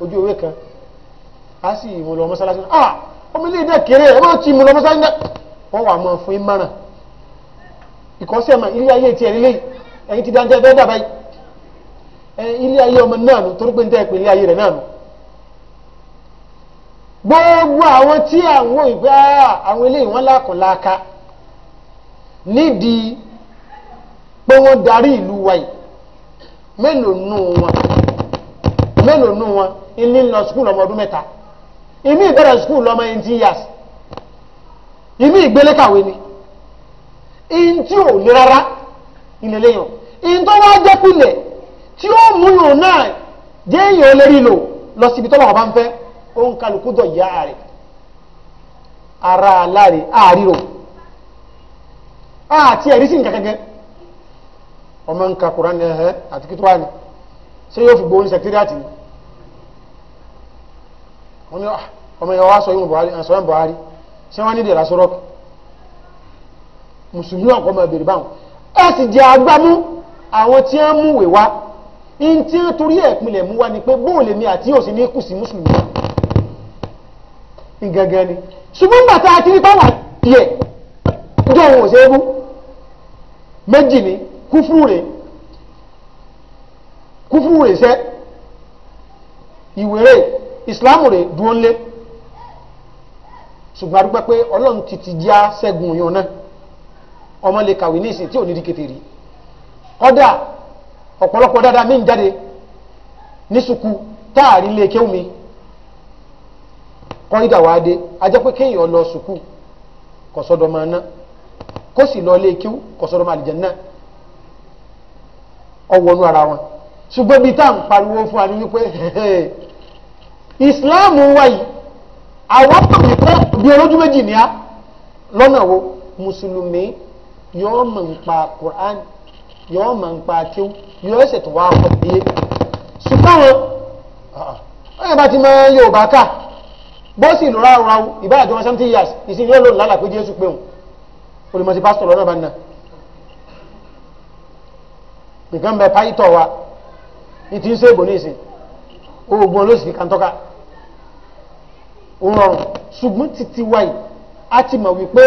ojú kan á sì mú lọ mọ́sálásí náà ah! ọmọ ilé ìdá kéré ti mú lọ mọ́sálásí náà wọ́n wà mọ́ fún ìmọ̀ràn ilé ayé tiẹ̀ ẹ̀yin ti bẹ́ẹ̀ ilé ayé ọmọ náà nù torí pé tẹ́ ilé ayé rẹ̀ náà nù gbogbo àwọn tí ah, àwọn ìgbà àwọn nídìí pé wọ́n darí ìlú wa yìí mélòó nù wọn mélòó nù wọn ilé ń lọ sukùl ọmọ ọdún mẹ́ta ìmí ìbẹ̀rẹ̀ sukùl ọmọ eighteen years ìmí ìgbélékàwé ni ìyìn tí ò lè rárá ìlẹ̀lẹ̀ yàn ìyìn tó wá jẹ́ pilẹ̀ tí ó mú yòó náà jẹ́ èèyàn olérí lò lọ síbi tọ́lọ̀ ọba ń fẹ́ ó ń kálukú dọ̀ yá rẹ̀ ara aláre àárírò. Ah, àti ẹ̀rí sí nǹkan gẹ́gẹ́ ọmọ nǹkan kùrán ní ẹ̀hẹ́ àti kí tó wà ní ṣé yóò fi gbóhùn sẹkítírìàtì ni wọ́n ní ah, ọmọ ìyàwó aṣọ ìwọ̀n Buhari àṣọyàn Buhari ṣé wọ́n ní ìdè lásọ̀rọ̀ mùsùlùmí ọ̀kọ́ ọmọ ìbèrè báwọn ẹ sì jẹ́ agbámú àwọn tí wọ́n mú wèwá ní tí wọ́n torí ẹ̀ pinlẹ̀ mú wá ni pé bóòlù èmi àti yóò sì ní kù sí mùsùlùmí gẹ́gẹ́ ni ṣùgbọ́n bàtà àti ipá wà díẹ̀ ndị àwọn ò ṣeébú méjì ni kúfúrè kúfúrè sẹ ìwéré ìsìláàmù rè dúró ńlé ṣùgbọ́n a pé ọlọ́run ti ti já ọmọ lè kàwé ní ìsìn tí ò ní di kékeré kọ́dà ọ̀pọ̀lọpọ̀ dáadáa mí ń jáde ní sùkú táàrí ilé kéwù mi kọ́ ìdàwọ́ ajẹ́ pé kéèyàn kó sì lọ lé kíw kọsọrọ máa àlìjẹnà ọwọnú ara wọn ṣùgbọ́n bíi tá à ń pariwo fún wa ni wípé Islam wa yìí àwọn ọmọ ìpẹ bí olójú méjì ni á lọ́nà wo mùsùlùmí yọọ mọ̀ ń pa Quran yọọ mọ̀ ń pa kíw yọọ ṣètò wa kọ̀ bíyẹ ṣùgbọ́n wọn ọ̀yàn bá ti mọ Yorùbá ká bó sì lọ́ra ìbára jọmọ seventy years ìsìn yóò lò lálàpé Jésù pé òun olùmọ̀sí pásítọ̀ lọ́nà bá ń nà nǹkan bẹ páyítọ̀ wa ní ti ń ṣe ìbò ní ìsìn oògùn olóòsì kan tọ́ka òun rọrùn ṣùgbọ́n títí wáyé a ti mọ̀ wípé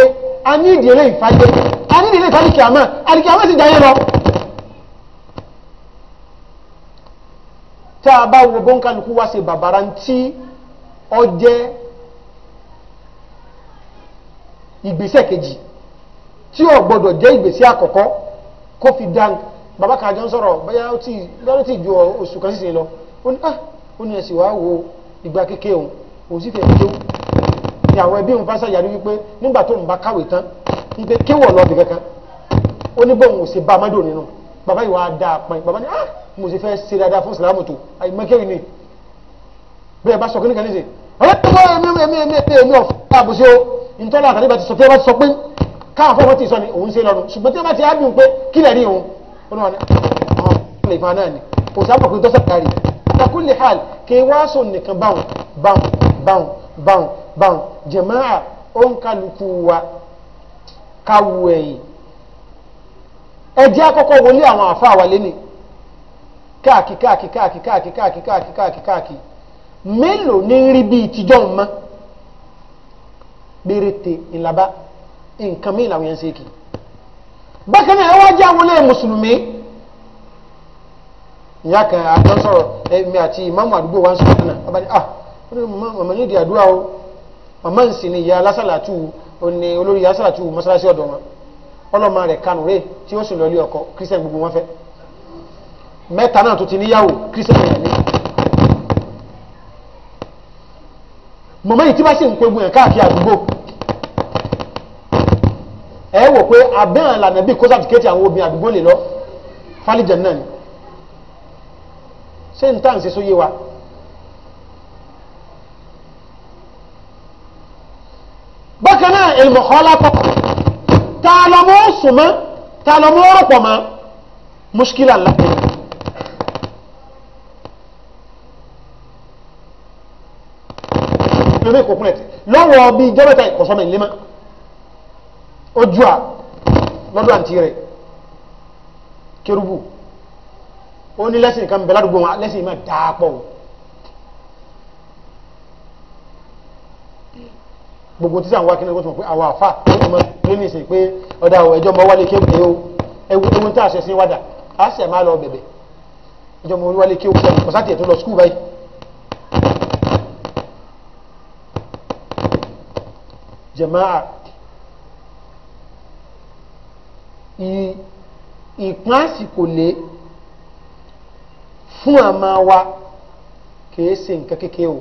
a ní ìdílé ìfàyè a ní ìdílé ìfàyè kìámà àdìkìámà sì jayé lọ. tá a bá wo bọ́ńkálukú wá ṣe bàbára ntí ọjẹ́ ìgbésẹ̀ kejì tí o gbọdọ̀ jẹ́ ìgbésí àkọ́kọ́ kó fi dán bàbá kan àjọ ń sọ̀rọ̀ bóyá ó ti lọ́rọ́ ti ju oṣù kan sísìn lọ ó ní ah ó ní ẹ̀sìn wàá wo ìgbà kékeré òun òun sì fẹ́ kéwù ni àwọn ẹbí òun bá ṣàyàrí wípé nígbà tó ń bá kàwé tán ń pé kéwọ̀ lọ́ọ̀bì kankan ó ní bóun ò sì bá amádò nínú bàbá yìí wàá dáa pẹ́ bàbá ní ah mo sì fẹ́ ṣe dáadáa fún sàlámù tó àyè mọ́kẹ́rì ni bẹ́ẹ̀ bá sọ kí ní kan ní sè ọ̀rẹ́ mi ò fẹ́ àbùsí o ìtọ́lá àtàlẹ́ bá ti sọ pé káwọn fọwọ́ ti sọ ni òun ṣe lọ́nu ṣùgbọ́n tí wọ́n bá ti ádùn pé kílẹ̀ rí òun ó ní wọn ní àwọn ọmọ ìfọ̀n náà ni kò sábà pé dọ́sẹ̀ kárí takú lè hàl kí wá sọ nìkan báwọn báwọn báwọn báwọn báwọn jẹ̀máà ó ń kálukú wa káwu ẹ̀yìn ẹjẹ́ àkọ́kọ́ wọlé àwọn àfa wa lé ní káàkì káàkì káàkì káàkì káàkì káàkì káàkì káàkì mélòó ní rí bíi tíjọ́ mọ́ nǹkan mí làwọn yẹn ń ṣe kì bákan náà wọ́n jẹ́ àwọn ilé mùsùlùmí ìyá kan àjọ sọ̀rọ̀ ẹ̀mí àti ìmáàmù àdúgbò wa ń sọ̀rọ̀ náà ọba ní ah màmá ní ìdí àdúrà o màmá ń sìn ní ìyá lásàlátù ní olórí ìyá lásàlátù mọ́sálásí ọ̀dọ̀ wọn ọlọ́mọ rẹ̀ kanu rẹ̀ tí ó sì lọ ilé ọkọ kírísítẹ̀n gbogbo wọn fẹ́ mẹ́ta náà tó ti níyàwó kírísítẹ̀n yẹn ní. màmá yìí tí bá sì ń pe egun yẹn káàkiri àdúgbò ẹ wò pé abẹ́hàn ìlànà bíi kó sàtìkéètì àwọn obìnrin àdúgbò lè lọ fálíjẹ̀ náà ni ṣé n tàn ṣe sóyè wa. bákan náà ìmọ̀kọ́lá pọ̀ tá a lọ mọ́ sùn mọ́ tá a lọ mọ́ ọ̀rọ̀ pọ̀ mọ́ muskila ńlá pẹ̀lú. lórí ìkókún ẹ̀ lọ́wọ́ bíi jẹ́bẹ̀ta ìkọ̀sọ́mọ̀ ìlémà ojú à lọ́dọ̀ àǹtí rẹ̀ kérúbù ó ní lẹ́sìn kan bẹ̀ ládùúgbò wọn lẹ́sìn máa dáa pọ̀ o gbogbo tí sàǹwá kíni gbọ́dọ̀ pé àwọn àfà ó ti mọ pínísì pé ọ̀dà ò ẹjọ́ mọ wálé kéwù o ewu jama'a ìpín àsìkò lé fún àmà wa kìí ṣe nǹkan kékeré o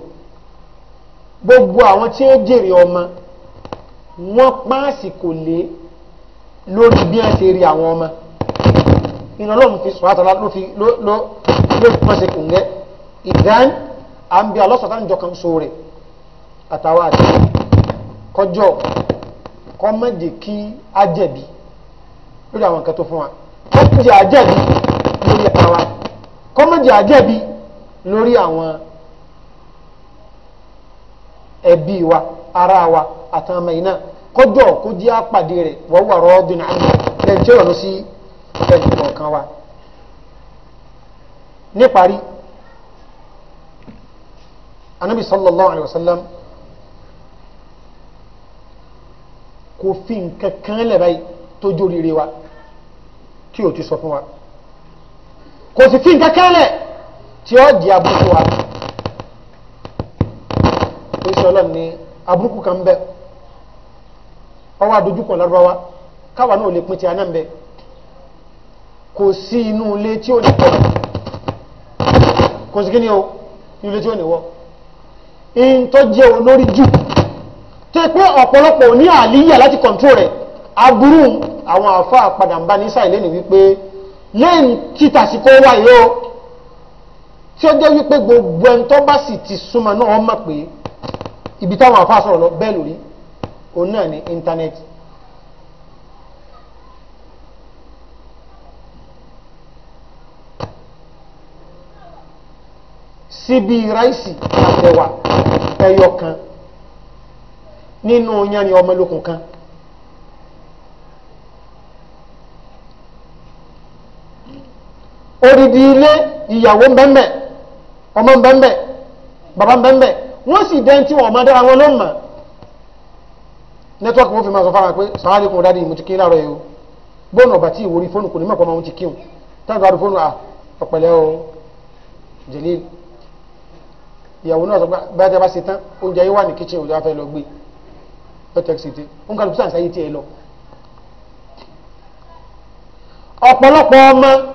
gbogbo àwọn tí ó jèrè ọmọ wọn pán àsìkò lé lórí bí wọn ṣe rí àwọn ọmọ iná lóun fi sùn àtàlà ló fi ló ló ló fi pọ́n ṣe kùn gẹ́ ìdán à ń bí alọ́sọ̀tà ń jọ kan so rẹ̀ àtàwọn àti kọjọ kọ́mọ̀dé kí á jẹ̀bi lórí àwọn nǹkan tó fún wa kọ́mọ̀jì àjẹ̀bi lórí àwa kọ́mọ̀jì àjẹ̀bi lórí àwọn ẹbí wa ará wa àtàwọn ọmọ yìí náà kọjọ kó jẹ́ àpàdé rẹ̀ wọ́n wà rọ́ọ̀dùn àná lẹ́yìn tí ó rọ̀nù sí ẹnì kọ̀ọ̀kan wa. níparí anabi sallallahu alayhi wa kò fi nǹkan kan lẹ̀ báyìí tó jóríire wa tí o ti sọ fún wa kò sì fi nǹkan kẹ́lẹ̀ tí ó di abúrúkú wa ó sọ lọ́nà ní abúrúkú kan bẹ ọwọ́ àdójúkọ̀ lárúbáwá káwa náà lè pin ti aná bẹ kò sí inú ilé tí ó ní wọ́ kò sí kíni o inú ilé tí ó ní wọ́ ìntọ́jẹ́ olórí jù tó pé ọ̀pọ̀lọpọ̀ ní àlíyà láti kọ̀ǹtró rẹ̀ aburú àwọn àfa àpadà ń bá ní sáì lẹ́nu wípé lẹ́yìn títà sí kó wà yìí o tí ó jẹ́ wípé gbogbo ẹni tó bá sì ti súnmọ́ náà wọ́n mọ̀ pé ibi táwọn àfa sọ̀rọ̀ lọ bẹ́ẹ̀ lórí òun náà ní íńtánẹ́ẹ̀tì. síbi ráìsì àtẹwà ẹyọ kan nínú yanni ọmọlókun kan. odidi ilé ìyàwó mbẹ́mbẹ́ ọmọ mbẹ́mbẹ́ baba mbẹ́mbẹ́ wọ́n sì dẹ́n tí wọ́n máa dára wọn ló mọ̀ nẹ́tíwọ́kì wọn fi máa sọ fáwọn pé sàwọn àlékún dáadé mo o bóònù tí ìwòrí fóònù kò ní máa ń ti kí wọn táwọn bá rí fóònù ọ̀pẹ̀lẹ́ o jẹ̀lẹ́ ìyàwó náà sọ pé bá bá tán oúnjẹ yìí wà ní kíchìn òjò afẹ́ lọ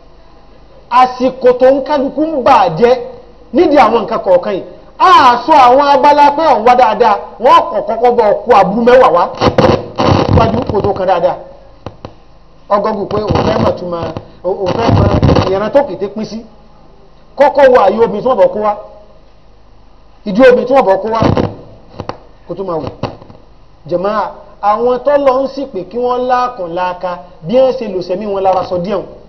àsìkò tó ń kálukú ń bà jẹ́ nídìí àwọn nǹkan kọ̀ọ̀kan yìí àásọ àwọn abala pé ọ̀n wá dáadáa wọ́n kọ̀kọ́kọ́ bọ̀ kó abú mẹ́wàá wá wájú kò tó kan dáadáa ọgọ́gùn pé òfẹ́ màtúmọ̀ òfẹ́ mọ ìyẹn tó kété pín sí kọ́kọ́ wo àyè omi tí wọ́n bọ̀ kó wá ìdí omi tí wọ́n bọ̀ kó wá kó tó máa wò jẹ̀mọ́ àwọn tọ́lọ́ ń sì pé kí wọ́n láàkàn láaka bí wọ́n ṣe lòsẹ̀mí wọn lára sọ díẹ̀ wọn.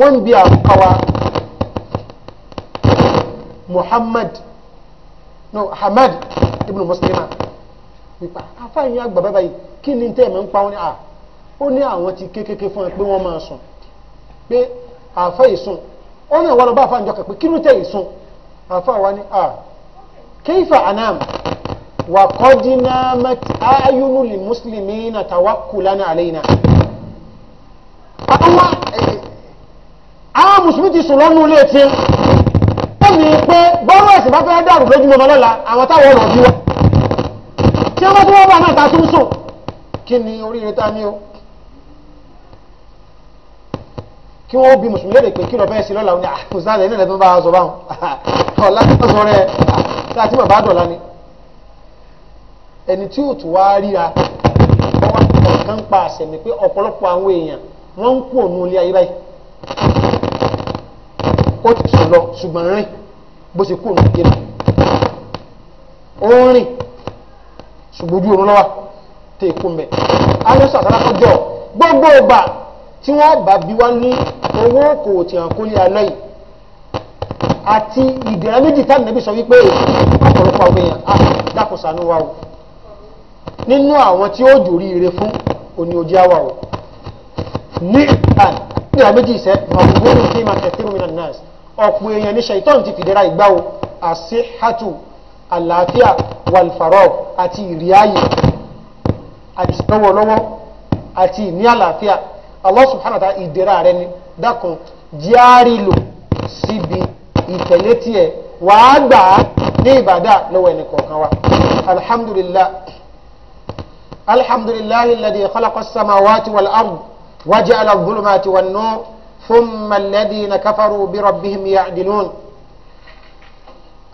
wọ́n bi àwòkáwa Muhammad no Hamad ibn Muslima nípa afáyín àgbà bàbá yìí kí ni tẹ́ ẹ̀ máa ń pa wọ́n ní à ó ní àwọn ti kékeré fún ẹ pé wọ́n máa sùn pé àfáyín sùn ó ní àwọn ọba àfáyín jọkàn pé kí ló tẹ̀ yìí sùn àfáyín wa ní à kéfà anam wà kọ́dí náà mẹ́tì ayúnú lè mùsùlùmí na tàwákùlá ní àlẹ́ náà mùsùlùmí ti sùn lọ́nú ilé tí ó ní pé bọ́rọ̀ ẹ̀sìn bá fẹ́ dàrú lójú mọ́ lọ́la àwọn táwọn ọ̀nà bí wọn tí wọ́n tí wọ́n bá náà ta tún sùn kí ni oríire ta ní o kí wọ́n bí mùsùlùmí lédè pé kí lọ bẹ́ẹ̀ ah, sí lọ́la ní àkùnzálẹ̀ nílẹ̀ tó bá a sọ báwọn ọ̀la tó sọ rẹ̀ láti mọ̀ bá dọ̀la ni ẹni tí ò tún wá ríra ọwọ́ kan pa àṣẹ mi pé ọ̀pọ̀lọpọ̀ àwọn èèyàn wọ́n ń kú òun ilé ayé báyìí ó ti sùn lọ ṣùgbọ́n rìn bó ṣe kú òun kéde ó ń rìn ṣùgbọ́n ojú òun lọ́wọ́ tẹ èkó mbẹ alẹ́ sàtàrà kọjọ gbogbo ọgbà tí wọ́n bá bí wá ní owó kò tí à ń kólé alẹ́ yìí àti ìdẹ̀rẹ̀ méjì táwọn ẹbí sọ wípé ọ̀pọ̀lọpọ̀ àwọn èèyàn á ah, dákun ṣàánú wa o nínú àwọn tí ó jòrí ire fún òní ojú àwa o ní ìgbà ní ìdẹ̀rẹ̀ ní kí n máa tẹ̀síwò mi náà nọ́ọ̀sì ọ̀pọ̀ èèyàn ní ṣèitọ́n ti fìdíra ìgbà o àṣehàtù àlàáfíà wàlfàrọ̀ àti ìrìáyè àìsànwọ̀lọ́wọ́ àti ìní àlàáfíà Allah subhanahu wa ta'ala ìdíra rẹ ni dákun jíárì lò síbi ìtẹ̀lé tiẹ̀ wàá gbà á ثم الذين كفروا بربهم يعدلون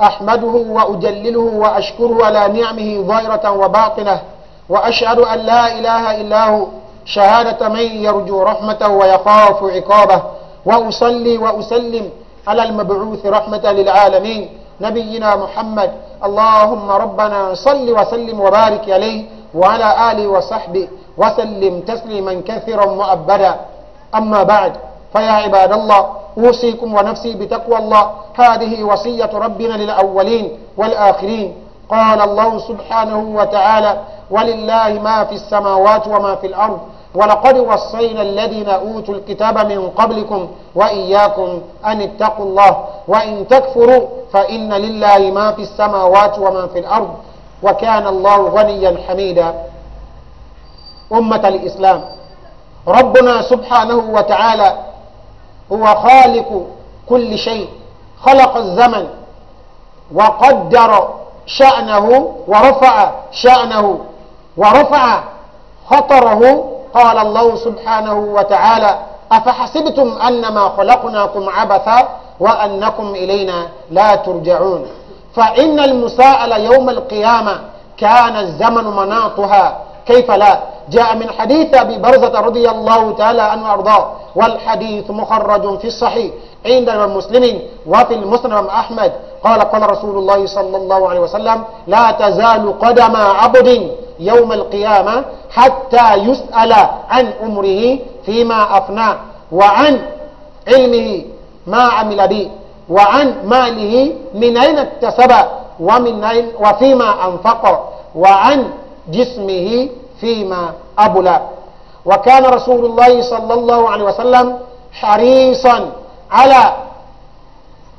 أحمده وأجلله وأشكره على نعمه ظاهرة وباطنة وأشهد أن لا إله إلا هو شهادة من يرجو رحمته ويخاف عقابه وأصلي وأسلم على المبعوث رحمة للعالمين نبينا محمد اللهم ربنا صل وسلم وبارك عليه وعلى آله وصحبه وسلم تسليما كثيرا مؤبدا أما بعد فيا عباد الله أوصيكم ونفسي بتقوى الله هذه وصية ربنا للأولين والآخرين قال الله سبحانه وتعالى ولله ما في السماوات وما في الأرض ولقد وصينا الذين أوتوا الكتاب من قبلكم وإياكم أن اتقوا الله وإن تكفروا فإن لله ما في السماوات وما في الأرض وكان الله غنيا حميدا أمة الإسلام ربنا سبحانه وتعالى هو خالق كل شيء خلق الزمن وقدر شأنه ورفع شأنه ورفع خطره قال الله سبحانه وتعالى أفحسبتم أنما خلقناكم عبثا وأنكم إلينا لا ترجعون فإن المساءلة يوم القيامة كان الزمن مناطها كيف لا جاء من حديث أبي برزة رضي الله تعالى عنه وأرضاه والحديث مخرج في الصحيح عند المسلمين وفي المسلم أحمد قال قال رسول الله صلى الله عليه وسلم لا تزال قدم عبد يوم القيامة حتى يسأل عن أمره فيما أفنى وعن علمه ما عمل به وعن ماله من أين اكتسب ومن أين وفيما أنفق وعن جسمه فيما أبلى وكان رسول الله صلى الله عليه وسلم حريصا على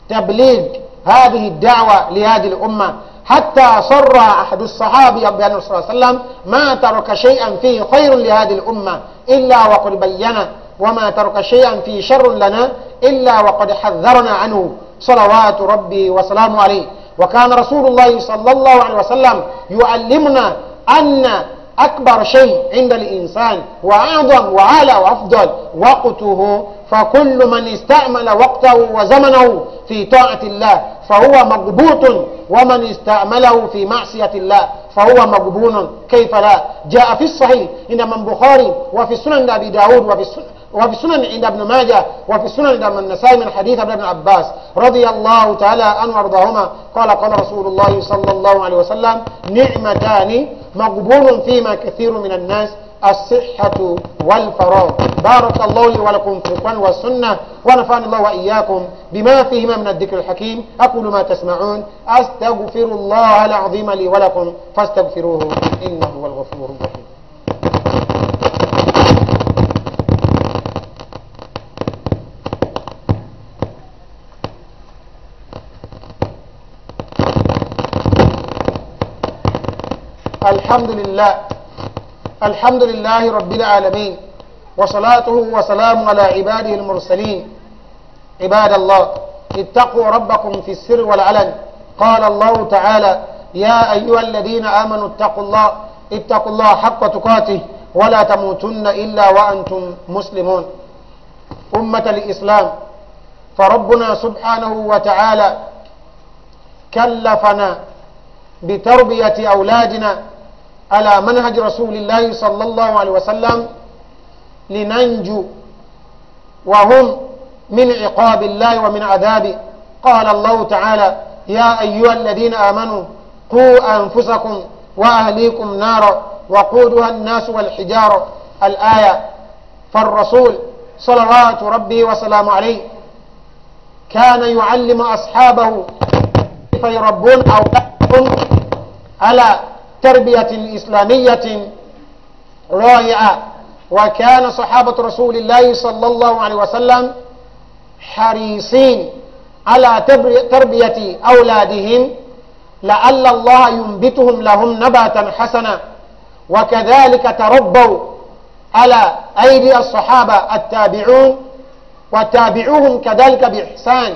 تبليغ هذه الدعوة لهذه الأمة حتى صر أحد الصحابة بأن صلى الله عليه وسلم ما ترك شيئا فيه خير لهذه الأمة إلا وقد بين وما ترك شيئا فيه شر لنا إلا وقد حذرنا عنه صلوات ربي وسلامه عليه وكان رسول الله صلى الله عليه وسلم يعلمنا أن أكبر شيء عند الإنسان وأعظم وأعلى وأفضل وقته فكل من استعمل وقته وزمنه في طاعة الله فهو مقبوط ومن استعمله في معصية الله فهو مقبون كيف لا جاء في الصحيح إن من بخاري وفي السنن أبي داود وفي السنن وفي سنن عند ابن ماجه وفي سنن عند النسائي من حديث ابن عباس رضي الله تعالى عنه وارضاهما قال قال رسول الله صلى الله عليه وسلم نعمتان مقبول فيما كثير من الناس الصحة والفراغ بارك الله لي ولكم في القرآن والسنة ونفعني الله وإياكم بما فيهما من الذكر الحكيم أقول ما تسمعون أستغفر الله العظيم لي ولكم فاستغفروه إنه هو الغفور الرحيم الحمد لله الحمد لله رب العالمين وصلاته وسلام على عباده المرسلين عباد الله اتقوا ربكم في السر والعلن قال الله تعالى يا أيها الذين آمنوا اتقوا الله اتقوا الله حق تقاته ولا تموتن إلا وأنتم مسلمون أمة الإسلام فربنا سبحانه وتعالى كلفنا بتربية أولادنا على منهج رسول الله صلى الله عليه وسلم لننجو وهم من عقاب الله ومن عذابه قال الله تعالى يا أيها الذين آمنوا قوا أنفسكم وأهليكم نارا وقودها الناس والحجارة الآية فالرسول صلوات ربي وسلام عليه كان يعلم أصحابه كيف يربون أولادهم على تربية إسلامية رائعة وكان صحابة رسول الله صلى الله عليه وسلم حريصين على تربية أولادهم لعل الله ينبتهم لهم نباتا حسنا وكذلك تربوا على أيدي الصحابة التابعون وتابعوهم كذلك بإحسان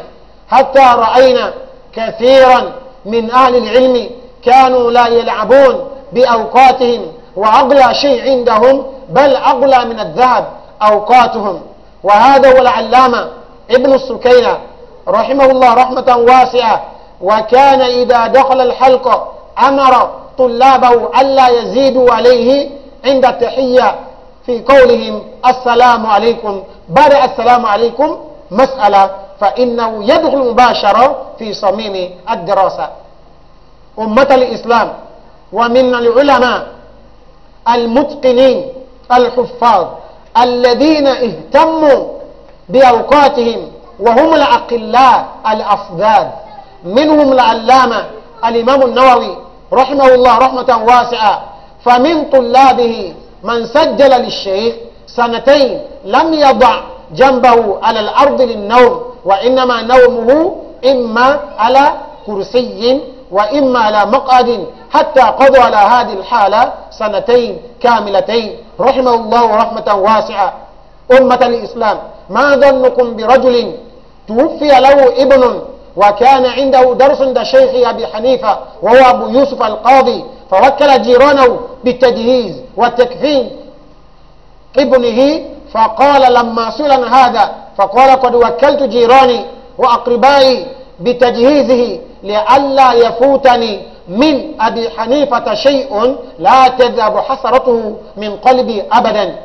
حتى رأينا كثيرا من أهل العلم كانوا لا يلعبون بأوقاتهم وأغلى شيء عندهم بل أغلى من الذهب أوقاتهم وهذا هو العلامة ابن السكينة رحمه الله رحمة واسعة وكان إذا دخل الحلقة أمر طلابه ألا يزيدوا عليه عند التحية في قولهم السلام عليكم بعد السلام عليكم مسألة فإنه يدخل مباشرة في صميم الدراسة أمة الإسلام ومن العلماء المتقنين الحفاظ الذين اهتموا بأوقاتهم وهم الأقلاء الأفذاذ منهم العلامة الإمام النووي رحمه الله رحمة واسعة فمن طلابه من سجل للشيخ سنتين لم يضع جنبه على الأرض للنوم وإنما نومه إما على كرسي وإما على مقعد حتى قضوا على هذه الحالة سنتين كاملتين رحمه الله رحمة واسعة أمة الإسلام ما ظنكم برجل توفي له ابن وكان عنده درس عند شيخ أبي حنيفة وهو أبو يوسف القاضي فوكل جيرانه بالتجهيز والتكفين ابنه فقال لما سئل هذا فقال قد وكلت جيراني وأقربائي بتجهيزه لئلا يفوتني من أبي حنيفة شيء لا تذهب حسرته من قلبي أبدا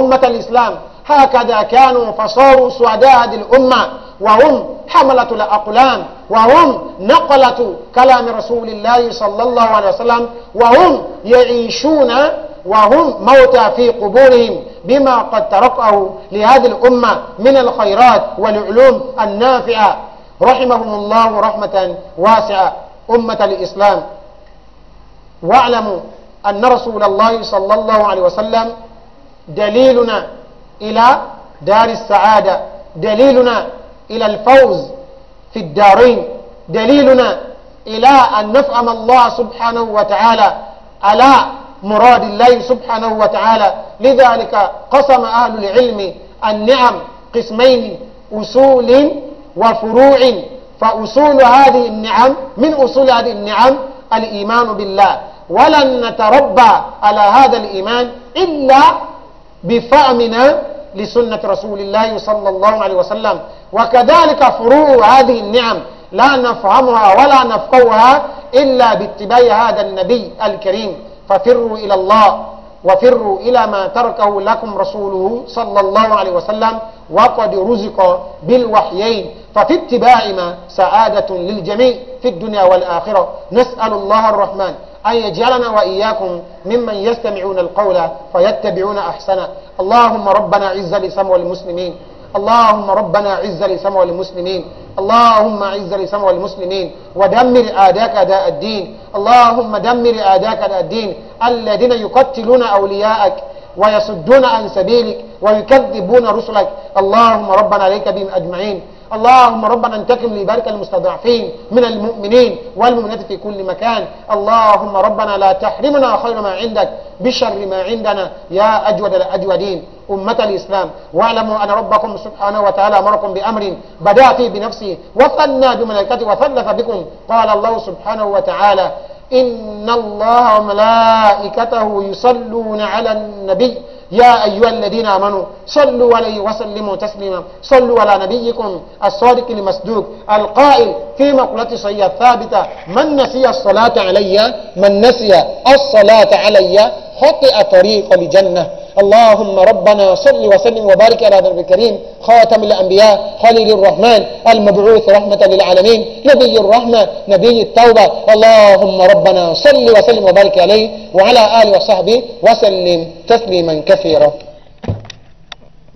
أمة الإسلام هكذا كانوا فصاروا سعداء هذه الأمة وهم حملة الأقلام وهم نقلة كلام رسول الله صلى الله عليه وسلم وهم يعيشون وهم موتى في قبورهم بما قد تركه لهذه الأمة من الخيرات والعلوم النافعة رحمهم الله رحمة واسعة أمة الإسلام واعلموا أن رسول الله صلى الله عليه وسلم دليلنا إلى دار السعادة دليلنا إلى الفوز في الدارين دليلنا إلى أن نفهم الله سبحانه وتعالى على مراد الله سبحانه وتعالى لذلك قسم أهل العلم النعم قسمين أصول وفروع فأصول هذه النعم من أصول هذه النعم الإيمان بالله ولن نتربى على هذا الإيمان إلا بفهمنا لسنة رسول الله صلى الله عليه وسلم وكذلك فروع هذه النعم لا نفهمها ولا نفقوها إلا باتباع هذا النبي الكريم ففروا إلى الله وفروا إلى ما تركه لكم رسوله صلى الله عليه وسلم وقد رزق بالوحيين ففي ما سعادة للجميع في الدنيا والآخرة نسأل الله الرحمن أن يجعلنا وإياكم ممن يستمعون القول فيتبعون أحسنه اللهم ربنا عز لسمو المسلمين اللهم ربنا عز لسمع المسلمين اللهم عز لسمع المسلمين ودمر آداك أداء الدين اللهم دمر آداك أداء الدين الذين يقتلون أولياءك ويصدون عن سبيلك ويكذبون رسلك اللهم ربنا عليك بهم أجمعين اللهم ربنا انتقم لبارك المستضعفين من المؤمنين والمؤمنات في كل مكان اللهم ربنا لا تحرمنا خير ما عندك بشر ما عندنا يا أجود الأجودين أمة الإسلام واعلموا أن ربكم سبحانه وتعالى أمركم بأمر بدأت بنفسه وثنى بملائكته وثلث بكم قال الله سبحانه وتعالى إن الله وملائكته يصلون على النبي يا أيها الذين آمنوا صلوا عليه وسلموا تسليما صلوا على نبيكم الصادق المصدوق القائل في مقولة صحية ثابتة من نسي الصلاة علي من نسي الصلاة علي خطئ طريق لجنة اللهم ربنا صل وسلم وبارك على هذا الكريم خاتم الأنبياء خليل الرحمن المبعوث رحمة للعالمين نبي الرحمة نبي التوبة اللهم ربنا صل وسلم وبارك عليه وعلى آله وصحبه وسلم تسليما كثيرا